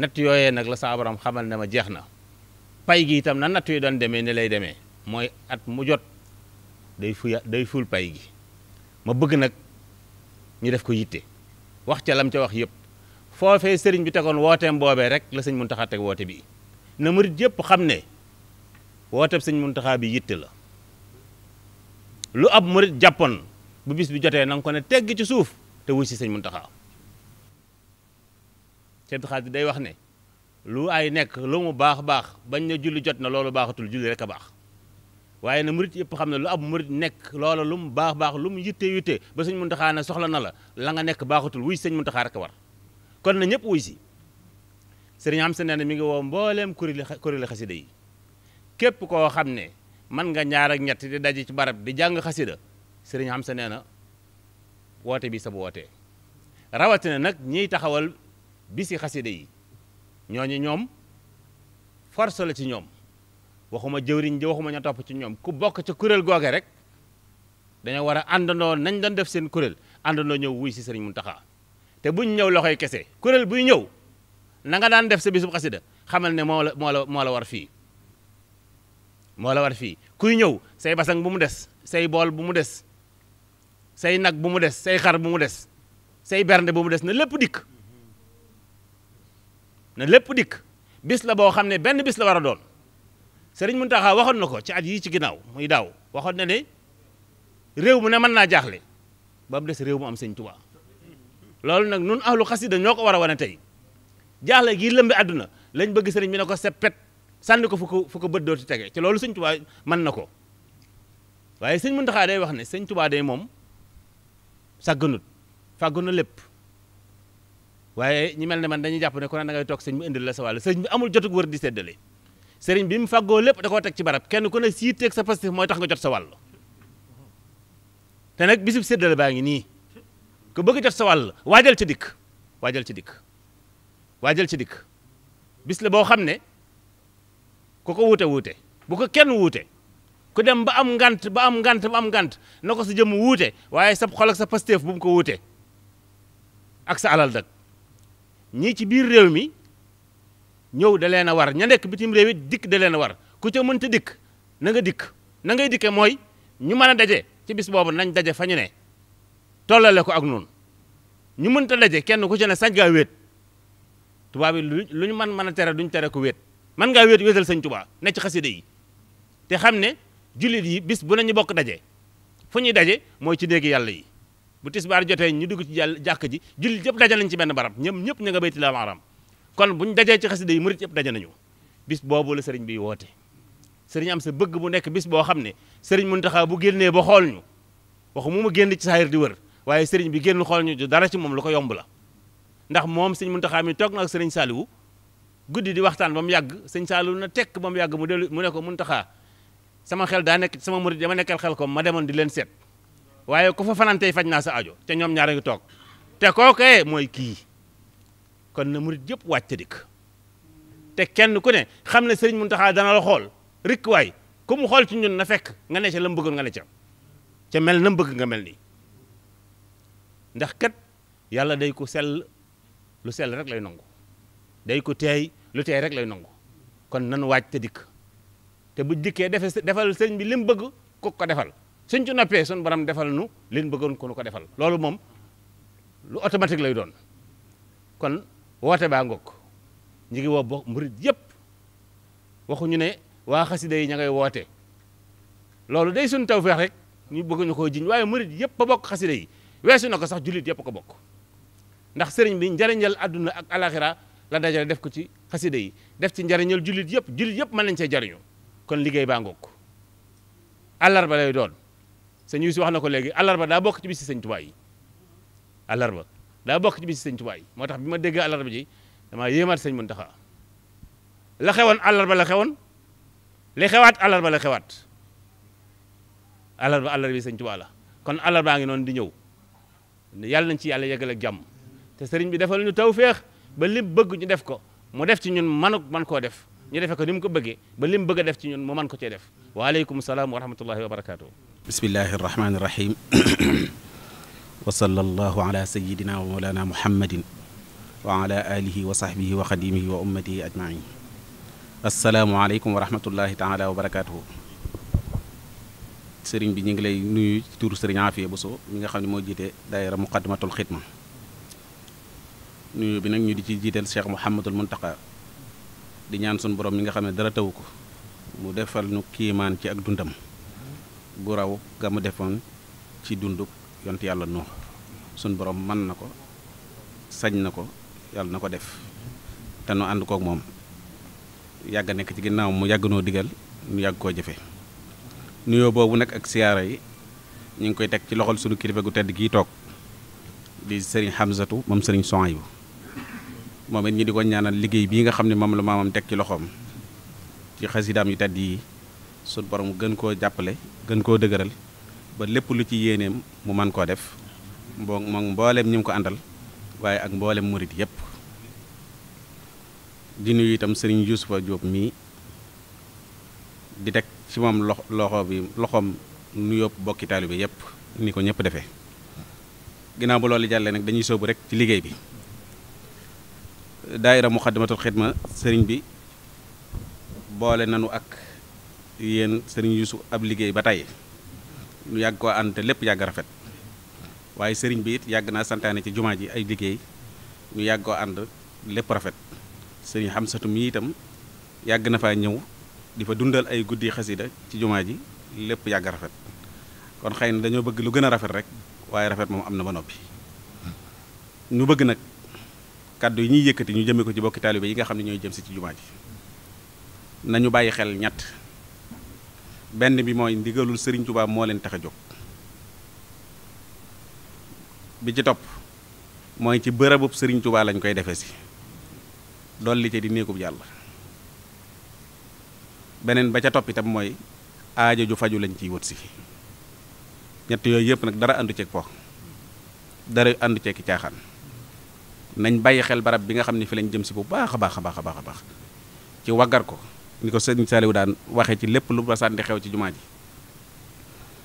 natt yooyee nag la saa borom xamal ne ma jeex na pay gi itam na nattu yi doon demee ni lay demee mooy at mu day fuya day ful pay gi ma bëgg nag ñu def ko yitte wax ca lam ca wax yëpp foofee sëriñ bi tegoon wooteem boobee rek la mun Muntaxa teg woote bi na murit yëpp xam ne wooteeb sëñ Muntaxa bi yitte la lu ab murit jàppoon bu bis bi jotee na ko ne tegg ci suuf te wuy si sañ Muntaxa Sëñ Abdou Khadre day wax ne lu ay nekk lu mu baax baax bañ na julli jot na loolu baaxatul julli a baax waaye na murit yëpp xam ne lu ab murit nekk loola lu mu baax baax lu mu yitte yitte ba sëñ Muntaxa ne soxla na la la nga nekk baaxatul wuy si sëñ Muntaxa rek war kon na ñëpp wuy si sëriñ am sa nee na mi ngi wow mbooleem kuréeli kuréeli xasida yi képp koo xam ne man nga ñaar ak ñett di daje ci barab di jàng xasida sëriñ Hamza nee na woote bi sa bu wootee rawatina nag ñiy taxawal bisi xasida yi ñooñu ñoom force la ci ñoom waxuma jëwriñ ji waxuma ña topp ci ñoom ku bokk ca kuréel googe rek dañoo war a àndandoo nañ doon def seen kuréel àndandoo ñëw wuy si sëriñ Muntaxa te buñ ñëw loxo yi kese kuréel buy ñëw na nga daan def sa bisub xasida xamal ne moo la moo la moo la war fii moo la war fii kuy ñëw say basang bu mu des say bool bu mu des say nag bu mu des say xar bu mu des say bernde bu mu des na lépp dikk na lépp dikk bis la boo xam ne benn bis la war a doon Sëriñ Muntaxa waxoon na ko ci at yii ci ginnaaw muy daaw waxoon na ne réew mu ne mën naa jaaxle ba mu des réew mu am sëñ Tuubaa loolu nag nun ahlu xasida ñoo ko war a wane tey jaaxle gii lëmbi àdduna lañ bëgg sëriñ bi ne ko seppet sànni ko fu ko fu ko bët dootu tege ci loolu sëñ tubaa man na ko waaye sëñ Muntaxaa day wax ne sëñ tubaa de moom sàgganut fàggu na lépp waaye ñi mel ne man dañuy jàpp ne ku ne da toog sëñ bi indil la sa wàll sëñ bi amul jotug wër di seddale sëriñ bi mu fàggoo lépp da koo teg ci barab kenn ku ne sii teeg sa pastif mooy tax nga jot sa wàll te nag bisu séddale baa ngi nii ku bëgg jot sa wàll waajal ci dikk waajal ci dikk waajal ci dikk bis la boo xam ne ku ko wuute wuute bu ko kenn wuute ku dem ba am ngant ba am ngant ba am ngant na ko sa jëmm wuute waaye sa xol ak sa pasteef bu mu ko wute ak sa alal dag ñii ci biir réew mi ñëw da leen a war ña nekk bitim réew it dikk da leen a war ku ca mënta dikk na nga dikk na ngay dikke mooy ñu mën a daje ci bis boobu nañ daje fañu ne tollale ko ak noonu ñu mënta daje kenn ku ci ne sañ gaa wéet tubaab yi lu ñu mën mën a tere duñ tere ko wéet man ngaa wéet wéetal sëñ Tuubaa ne ci xasida yi te xam ne jullit yi bis bu nañu bokk daje fu ñuy daje mooy ci néegi yàlla yi bu tisbaar jotee ñu dugg ci yàlla jàkk ji jullit yëpp daje nañ ci benn barab ñoom ñëpp ñu nga bayti la maram kon buñ dajee ci xasida yi murit yëpp daje nañu bis boobu la sëriñ bi woote sëriñ am sa bëgg bu nekk bis boo xam ne sëriñ Muntaxa bu génnee ba xool ñu waxu mu ma génn ci saayir di wër waaye sëriñ bi génn xool ñu dara ci moom lu ko yomb la ndax moom sëriñ Muntaxa mi toog na ak sëriñ saaliwu guddi di waxtaan ba mu yàgg sëñ Saalum na tekk ba mu yàgg mu dellu mu ne ko mun Muntaxa sama xel daa nekk sama murid dama nekkal xel ko ma demoon di leen seet waaye ko fa fanaan tey faj naa sa ajo te ñoom ñaar ngi toog te koo kookee mooy kii kon na murid yëpp wàcc dikk te kenn ku ne xam ne sëriñ Muntaxa dana la xool rikk waay ku xool ci ñun na fekk nga ne ca nga ne ca ca mel na mu bëgg nga mel nii ndax kat yàlla day ku sell lu sell rek lay nangu day ko teey lu teey rek lay nangu kon nanu waaj te dikk te bu dikkee defe defal sëñ bi lim bëgg ku ko defal suñ ci noppee suñ borom defal nu lim bëggoon ku ko defal loolu moom lu automatique lay doon kon woote baa ngoog ñu ngi woo bo murit yëpp waxuñu ne waa xasida yi ña ngay woote loolu day suñ tawfeex rek ñu bëgg ñu koo jiñ waaye murit yëpp bokk xasida yi weesu na ko sax jullit yëpp ko bokk ndax sëriñ bi njariñal àdduna ak alaxira la dajale def ko ci xasida yi def ci njariñal jullit yëpp jullit yëpp mën nañ cee jariñu kon liggéey baa ngoog àllarba lay doon sëñ si wax na ko léegi àllarba daa bokk ci bisi sëñ Tuubaa yi àllarba daa bokk ci bisi sëñ moo tax bi ma déggee àllarba ji damaa yéemaat sëñ Muntaxa la xewoon àllarba la xewoon li xewaat àllarba la xewaat àllarba àllarba bi sëñ Tuubaa la kon àllarbaa ngi noonu di ñëw yàlla nañ ci yàlla yeggal ak jàmm te sëriñ bi defal ñu tawféex ba lim bëgg ñu def ko mu def ci ñun manu man koo def ñu defee ko ni mu ko bëggee ba lim bëgg a def ci ñun mu man ko cee def waaleykum salaam wa rahmatullahi wa barakaatu. bismillahi rahmaani rahim wa sallallahu ala sayyidina wa mawlana muhammadin wa ala alihi wa sahbihi wa xadimihi wa ummatihi ajmain asalaamualeykum bi ñu ngi lay nuyu ci turu sëriñ Afia mi nga xam ne moo jiite daayira muqaddimatul xidma nuyoo bi nag ñu di ci jiital Cheikh Mouhamadul Mountakha di ñaan sun boroom mi nga xam ne dara taw ko mu defal ñu kiimaan ci ak dundam bu raw ga mu defoon ci dunduk yont yàlla Nuux sun boroom mën na ko sañ na ko yàlla na ko def te nu ànd kook moom yàgg nekk ci ginnaaw mu yàgg noo digal nu yàgg koo jëfe nuyoo boobu nag ak siyaara yi ñu ngi koy teg ci loxol sunu kilifa gu tedd gii toog di sëriñ Hamzatu moom sëriñ Sohaybu moom it ñu di ko ñaanal liggéey bii nga xam ne moom la maamam teg ci loxoom ci xasidaam yu tedd yi sunu borom gën koo jàppale gën koo dëgëral ba lépp lu ci yéeneem mu man koo def mbo mbooleem ñi mu ko àndal waaye ak mbooleem murit yépp di nuyu itam sëriñ Yuusufa Jóob mii di teg ci moom loxo bi loxoom nuyoo bokki taalibe bi yépp ni ko ñëpp defee ginnaaw bu loolu jàllee nag dañuy sóobu rek ci liggéey bi daaira muxaddamatul xidma sëriñ bi boole nanu ak yéen sëriñ Yuusu ab liggéey ba tey ñu yàgg koo ànd te lépp yàgg rafet waaye sëriñ bi it yàgg naa santaane ci jumaa ji ay liggéey ñu yàgg koo ànd lépp rafet sëriñ Xamsatu mi itam yàgg na faa ñëw di fa dundal ay guddi xasida ci jumaa ji lépp yàgg rafet kon xëy na dañoo bëgg lu gën a rafet rek waaye rafet moom am na ba noppi ñu bëgg nag kàddu yi ñuy yëkkati ñu jëmee ko ci bokki taalibe yi nga xam ne ñooy jëm si ci jumaa ji nañu bàyyi xel ñett benn bi mooy ndigalul sëriñ Touba moo leen tax a jóg bi ci topp mooy ci bërëbub sëriñ Touba lañ koy defe si dolli ci di néegub yàlla beneen ba ca topp itam mooy aaja ju faju lañ ciy wut si ñett yooyu yëpp nag dara àndu ceeg po dara àndu ceeg caaxaan. nañ bàyyi xel barab bi nga xam ne fi lañ jëm si bu baax a baax a baax a baax ci waggar ko ni ko sëñ Saliou daan waxee ci lépp lu basaan di xew ci jumaa ji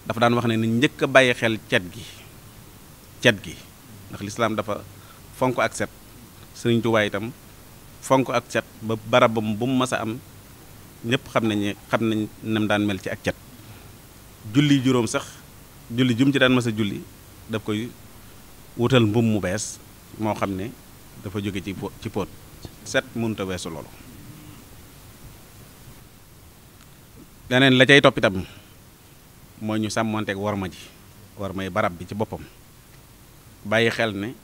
dafa daan wax ne nañ njëkk a bàyyi xel cet gi cet gi ndax lislaam dafa fonk ak set sëriñ Tuubaa itam fonk ak cet ba barabam bu mu mas a am ñëpp xam nañ ne xam nañ nam daan mel ci ak cet julli juróom sax julli jum ci daan mas a julli daf koy wutal mbum mu bees moo xam ne dafa jóge ci ci póot set mënut a weesu loolu leneen la cay topp itam mooy ñu sàmmonteeg warma ji may barab bi ci boppam bàyyi xel ne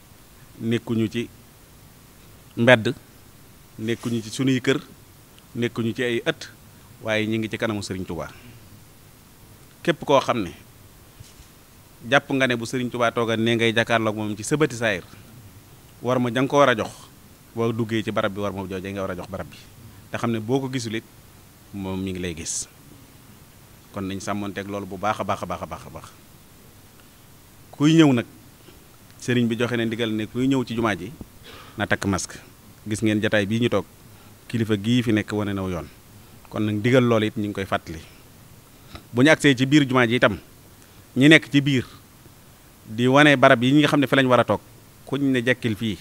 nekkuñu ci mbedd nekkuñu ci sunuy kër nekkuñu ci ay ëtt waaye ñu ngi ci kanamu sëriñ Touba képp koo xam ne jàpp nga ne bu Serigne Touba toogal ne ngay jàkkaarloog moom ci sëbati saayir war ma ja nga ko war a jox boo duggee ci barab bi war ma joojee nga war a jox barab bi te xam ne boo ko gisul it moom mi ngi lay gis kon nañ sàmmonteeg loolu bu baax a baax a baax a baax a baax kuy ñëw nag sëriñ bi joxe na ndigal ne kuy ñëw ci jumaa ji na takk masque gis ngeen jataay bii ñu toog kilifa gii fi nekk wane naw yoon kon nañ diggal lool it ñu ngi koy fàttali bu ñu agsee ci biir jumaa ji itam ñi nekk ci biir di wane barab yi ñi nga xam ne fi lañ war a toog kuñ ne jekkil fii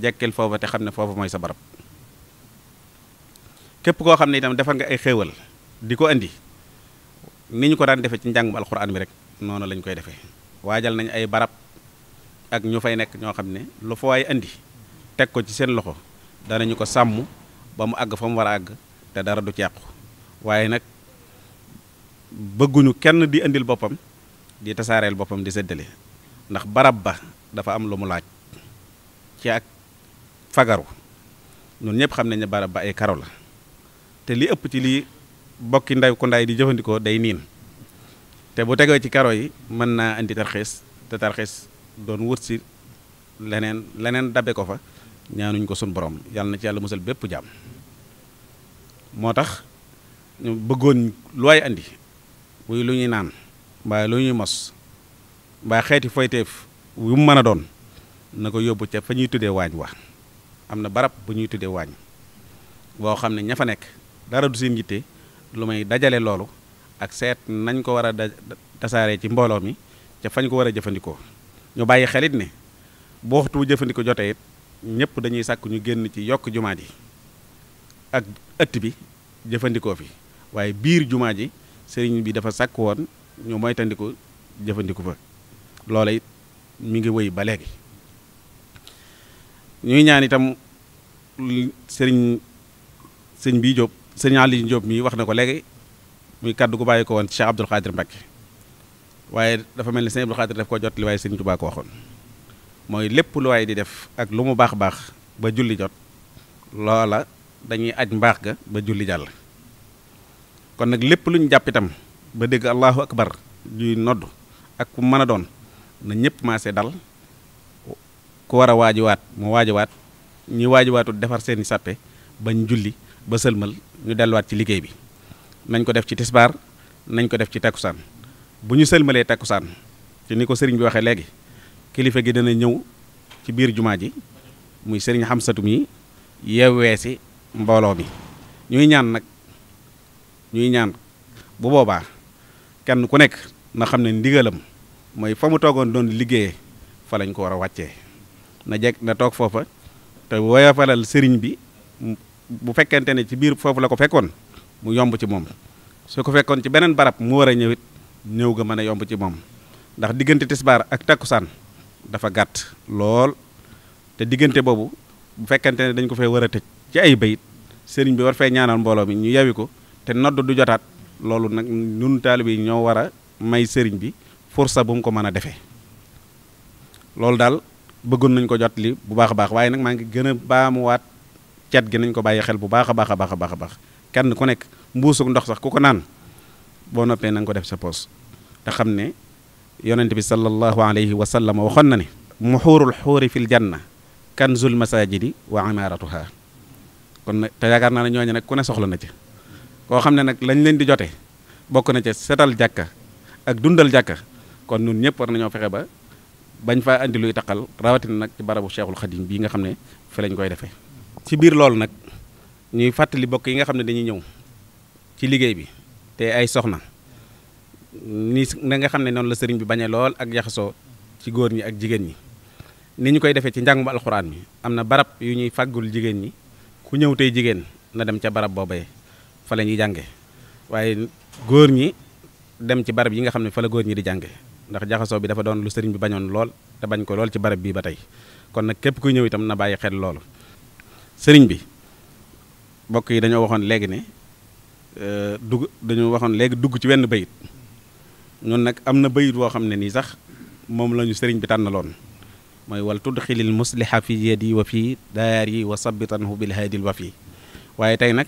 jekkil foofa te xam ne foofa mooy sa barab képp koo xam ne itam defar nga ay xéewal di ko indi ni ñu ko daan defee ci njàngum alxuraan bi rek noonu lañ koy defee waajal nañu ay barab ak ñu fay nekk ñoo xam ne lu fa waay indi teg ko ci seen loxo danañu ko sàmm ba mu àgg fa mu war a àgg te dara du ci yàqu waaye nag bëgguñu kenn di indil boppam di tasaareel boppam di séddale ndax barab ba dafa am lu mu laaj ci ak fagaru ñun ñëpp xam nañ ne barab ba ay karo la te li ëpp ci lii bokki ndaw ku ndaay di jëfandikoo day niin te bu tegoo ci karo yi mën naa indi tarxiis te tarxiis doon wut si leneen leneen dabe ko fa ñaanuñ ko sun boroom yàlla na ci yàlla musal bépp jàmm moo tax ñu bëggoon lu waay andi muy lu ñuy naan mbaa lu ñuy mos mbaa xeeti foyteef yu mu mën a doon na ko yóbbu ca fa ñuy tuddee waañ wa am na barab bu ñuy tuddee waañ boo xam ne ña fa nekk dara du seen yitte lu may dajale loolu ak seet nañ ko war a tasaaree ci mbooloo mi ca fañ ko war a jëfandikoo ñu bàyyi xelit ne bu waxtu jëfandikoo jote it ñëpp dañuy sàkk ñu génn ci yokk jumaa ji ak ëtt bi jëfandikoo fi waaye biir jumaa ji sëriñ bi dafa sàkk woon ñu moytandiku jëfandiku fa loola it mi ngi wéy ba léegi ñuy ñaan itam sëriñ sëñ bii Diop sëñ Aliou Diop mii wax na ko léegi muy kaddu gu bàyyi ko woon Cheikh Abdoul Khadir Mbacke waaye dafa mel ni sëñ Abdoul Khadir daf koo jot li waaye sëñ Touba ko waxoon mooy lépp lu waaye di def ak lu mu baax a baax ba julli jot loola dañuy aj mbaax ga ba julli jàll kon nag lépp lu ñu jàpp itam ba dégg allahu akbar juy nodd ak ku mën a doon na ñëpp maase dal ku war a waajiwaat mu waajiwaat ñi waajiwaatul defar seeni sàppe bañ julli ba sëlmal ñu delluwaat ci liggéey bi nañ ko def ci tisbaar nañ ko def ci takkusaan bu ñu sëlmalee takkusaan ci ni ko sëriñ bi waxee léegi kilifa gi dana ñëw ci biir jumaa ji muy sëriñ xamsatu mi yeewee si mbooloo mi ñuy ñaan nag ñuy ñaan bu boobaa kenn ku nekk na xam ne ndigalam mooy fa mu toogoon doon liggéeyee fa lañ ko war a wàccee na jekk na toog foofa te woyofalal sëriñ bi bu fekkente ne ci biir foofu la ko fekkoon mu yomb ci moom su ko fekkoon ci beneen barab mu war a ñëwit ñëw ga mën a yomb ci moom ndax diggante tisbaar ak takkusaan dafa gàtt lool te diggante boobu bu fekkente ne dañ ko fee war a tëj ci ay bayit sëriñ bi war fee ñaanal mbooloo mi ñu yawi ko te nodd du jotaat loolu nag ñun taalibe yi ñoo war a may sëriñ bi fursa bu mu ko mën a defee loolu daal bëggoon nañ ko jot li bu baax a baax waaye nag maa ngi gën a baamuwaat cet gi nañ ko bàyyi xel bu baax a baax baax a baax a baax kenn ku nekk mbuusug ndox sax ku ko naan boo noppee na ko def sa poos te xam ne yonent bi sallallahu alayhi wa sallam waxoon na ne mu muxuurul xuuri fil janna kanzul masajidi wa imaratuha kon nag te yaakaar naa ne ñooñu nag ku ne soxla na ci koo xam ne nag lañ leen di jote bokk na ca setal jàkka ak dundal jàkka kon ñun ñëpp war nañoo fexe ba bañ faa andi luy taqal rawatina nag ci barabu Cheikhul Khadim bii nga xam ne fi lañ koy defee. ci biir loolu nag ñuy fàttali bokk yi nga xam ne dañuy ñëw ci liggéey bi te ay soxna ni na nga xam ne noonu la sëriñ bi bañee lool ak jaxasoo ci góor ñi ak jigéen ñi. ni ñu koy defee ci njàngum alxuraan bi am na barab yu ñuy fàggul jigéen ñi ku ñëw tey jigéen na dem ca barab boobee fa la ñuy jànge waaye góor ñi dem ci barab yi nga xam ne fa la góor ñi di jànge ndax jaxasoo bi dafa doon lu sëriñ bi bañoon lool te bañ ko lool ci barab bii ba tey kon nag képp kuy ñëw itam na bàyyi xel loolu sëriñ bi mbokk yi dañoo waxoon léegi ne euh, dugg dañoo waxoon léegi dugg ci wenn bayit ñun nag am na bayit woo xam ne nii sax moom la ñu sëriñ bi tànnaloon mooy wal tudxilil musliha fi yi wa fi daari wa sabitanhu bil haadil wa fi waaye tey nag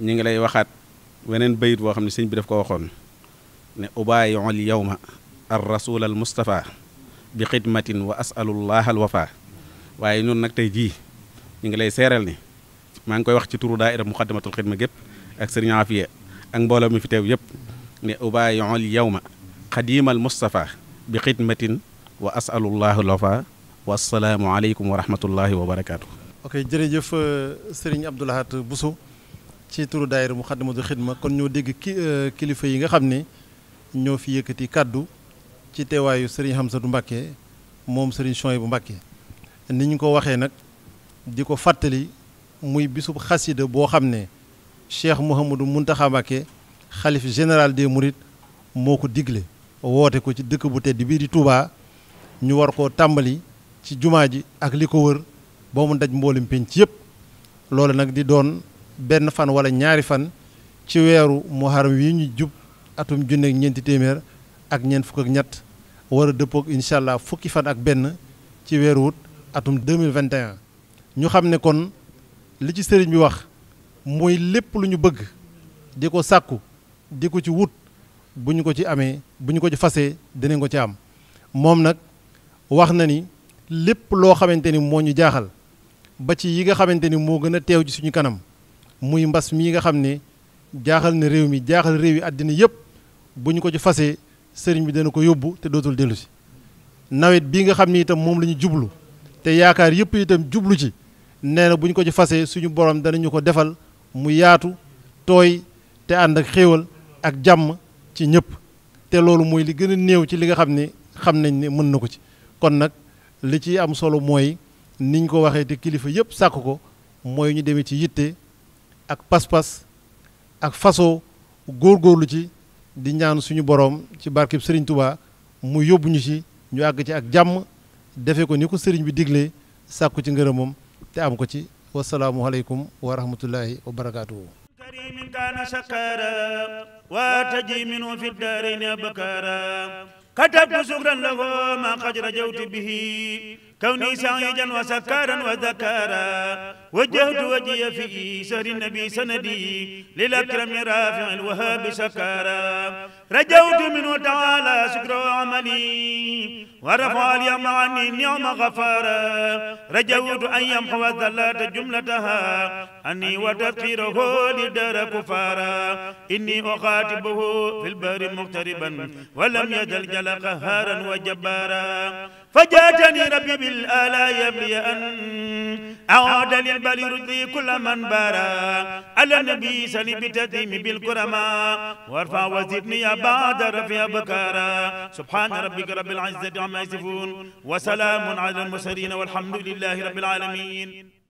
ñu ngi lay waxaat weneen bayit woo xam ne sëriñ bi daf ko waxoon ne ubaayi al yawma ar rasul al mustafa bi xidmatin wa asalullah al waaye ñun nag tey jii ñu ngi lay seeral ni maa ngi koy wax ci turu daaira muqaddamatul xidma gépp ak sëriñ Afiya ak mbooloo mi fi teew yëpp ne ubayiul yawma xadimal mustafa bi xidmatin wa asalullah al wafa wa asalaamu aleykum wa rahmatullahi wa barakaatu. ok jërëjëf euh, sëriñ Abdou Lahat Bousso ci turu daayira Muxaddamatul Xidma kon ñoo dégg ki euh, kilifa yi nga xam ne ñoo fi yëkkati kàddu ci teewaayu sëriñ Hamsatu Mbàkke moom sëriñ bu Mbàkke ni ñu ko waxee nag di ko fàttali muy bisub xasida boo xam ne Cheikh Mouhamadou Mountakha Mbàkke xalif général de murit moo ko digle woote ko ci dëkk bu tedd bii di Touba ñu war koo tàmbali ci jumaa ji ak li ko wër ba mu daj mboolem pénc yëpp loolu nag di doon benn fan walla ñaari fan ci weeru muharam wi ñu jub atum junneeg ñeenti téeméer ak ñeent fukk ak ñett war a dëppoog incha allah fukki fan ak benn ci weeru wut atum 2021 ñu xam ne kon li ci sëriñ bi wax mooy lépp lu ñu bëgg di ko sàkku di ko ci wut bu ñu ko ci amee bu ñu ko ci fasee dinañ ko ci am moom nag wax na ni lépp loo xamante ni moo ñu jaaxal ba ci yi nga xamante ni moo gën a teew ci suñu kanam muy mbas mii nga xam ne jaaxal na réew mi jaaxal réew yi àddina yëpp bu ñu ko ci fasee sëriñ bi dana ko yóbbu te dootul dellu si nawet bii nga xam ni itam moom la jublu te yaakaar yëpp itam jublu ci nee na bu ñu ko ci fasee suñu borom danañu ko defal mu yaatu tooy te ànd ak xéewal ak jàmm ci ñëpp te loolu mooy li gën a néew ci li nga xam ni xam nañ ne mën na ko ci kon nag li ci am solo mooy niñ ko waxee te kilifa yëpp sàkk ko mooy ñu demee ci yitte ak paspas pas ak façon góorgóorlu ci di ñaan suñu boroom ci barkeb sëriñ Touba mu yóbbu ñu ci ñu àgg ci ak jàmm defee ko ni ko sëriñ bi diglee sàkku ci ngërëmam te am ko ci wasalaamu aleykum wa rahmatullahi wa barakaatuhu karimin kaana sakara wa taji minu fi daarayni abkara katabtu sukran lahu ma xaj rajawti bihi كوني سعيدا وسكارا وذكارا وجهت وجهي في سر النبي سندي للأكرم رافع الوهاب سكارا رجوت منه تعالى شكر وعملي ورفع اليوم عني النعم غفارا رجوت أن يمحو الذلات جملتها أني وتذكيره لدار كفارا إني أخاطبه في البر مغتربا ولم يزل جل قهارا وجبارا فجاتني ربي بالآلاء بأن أعود للبل رجلي كل من بارا على النبي سلي بتديم بالكرماء وارفع وزدني بعد رفيع بكارا سبحان ربك رب العزة عما يصفون وسلام على المرسلين والحمد لله رب العالمين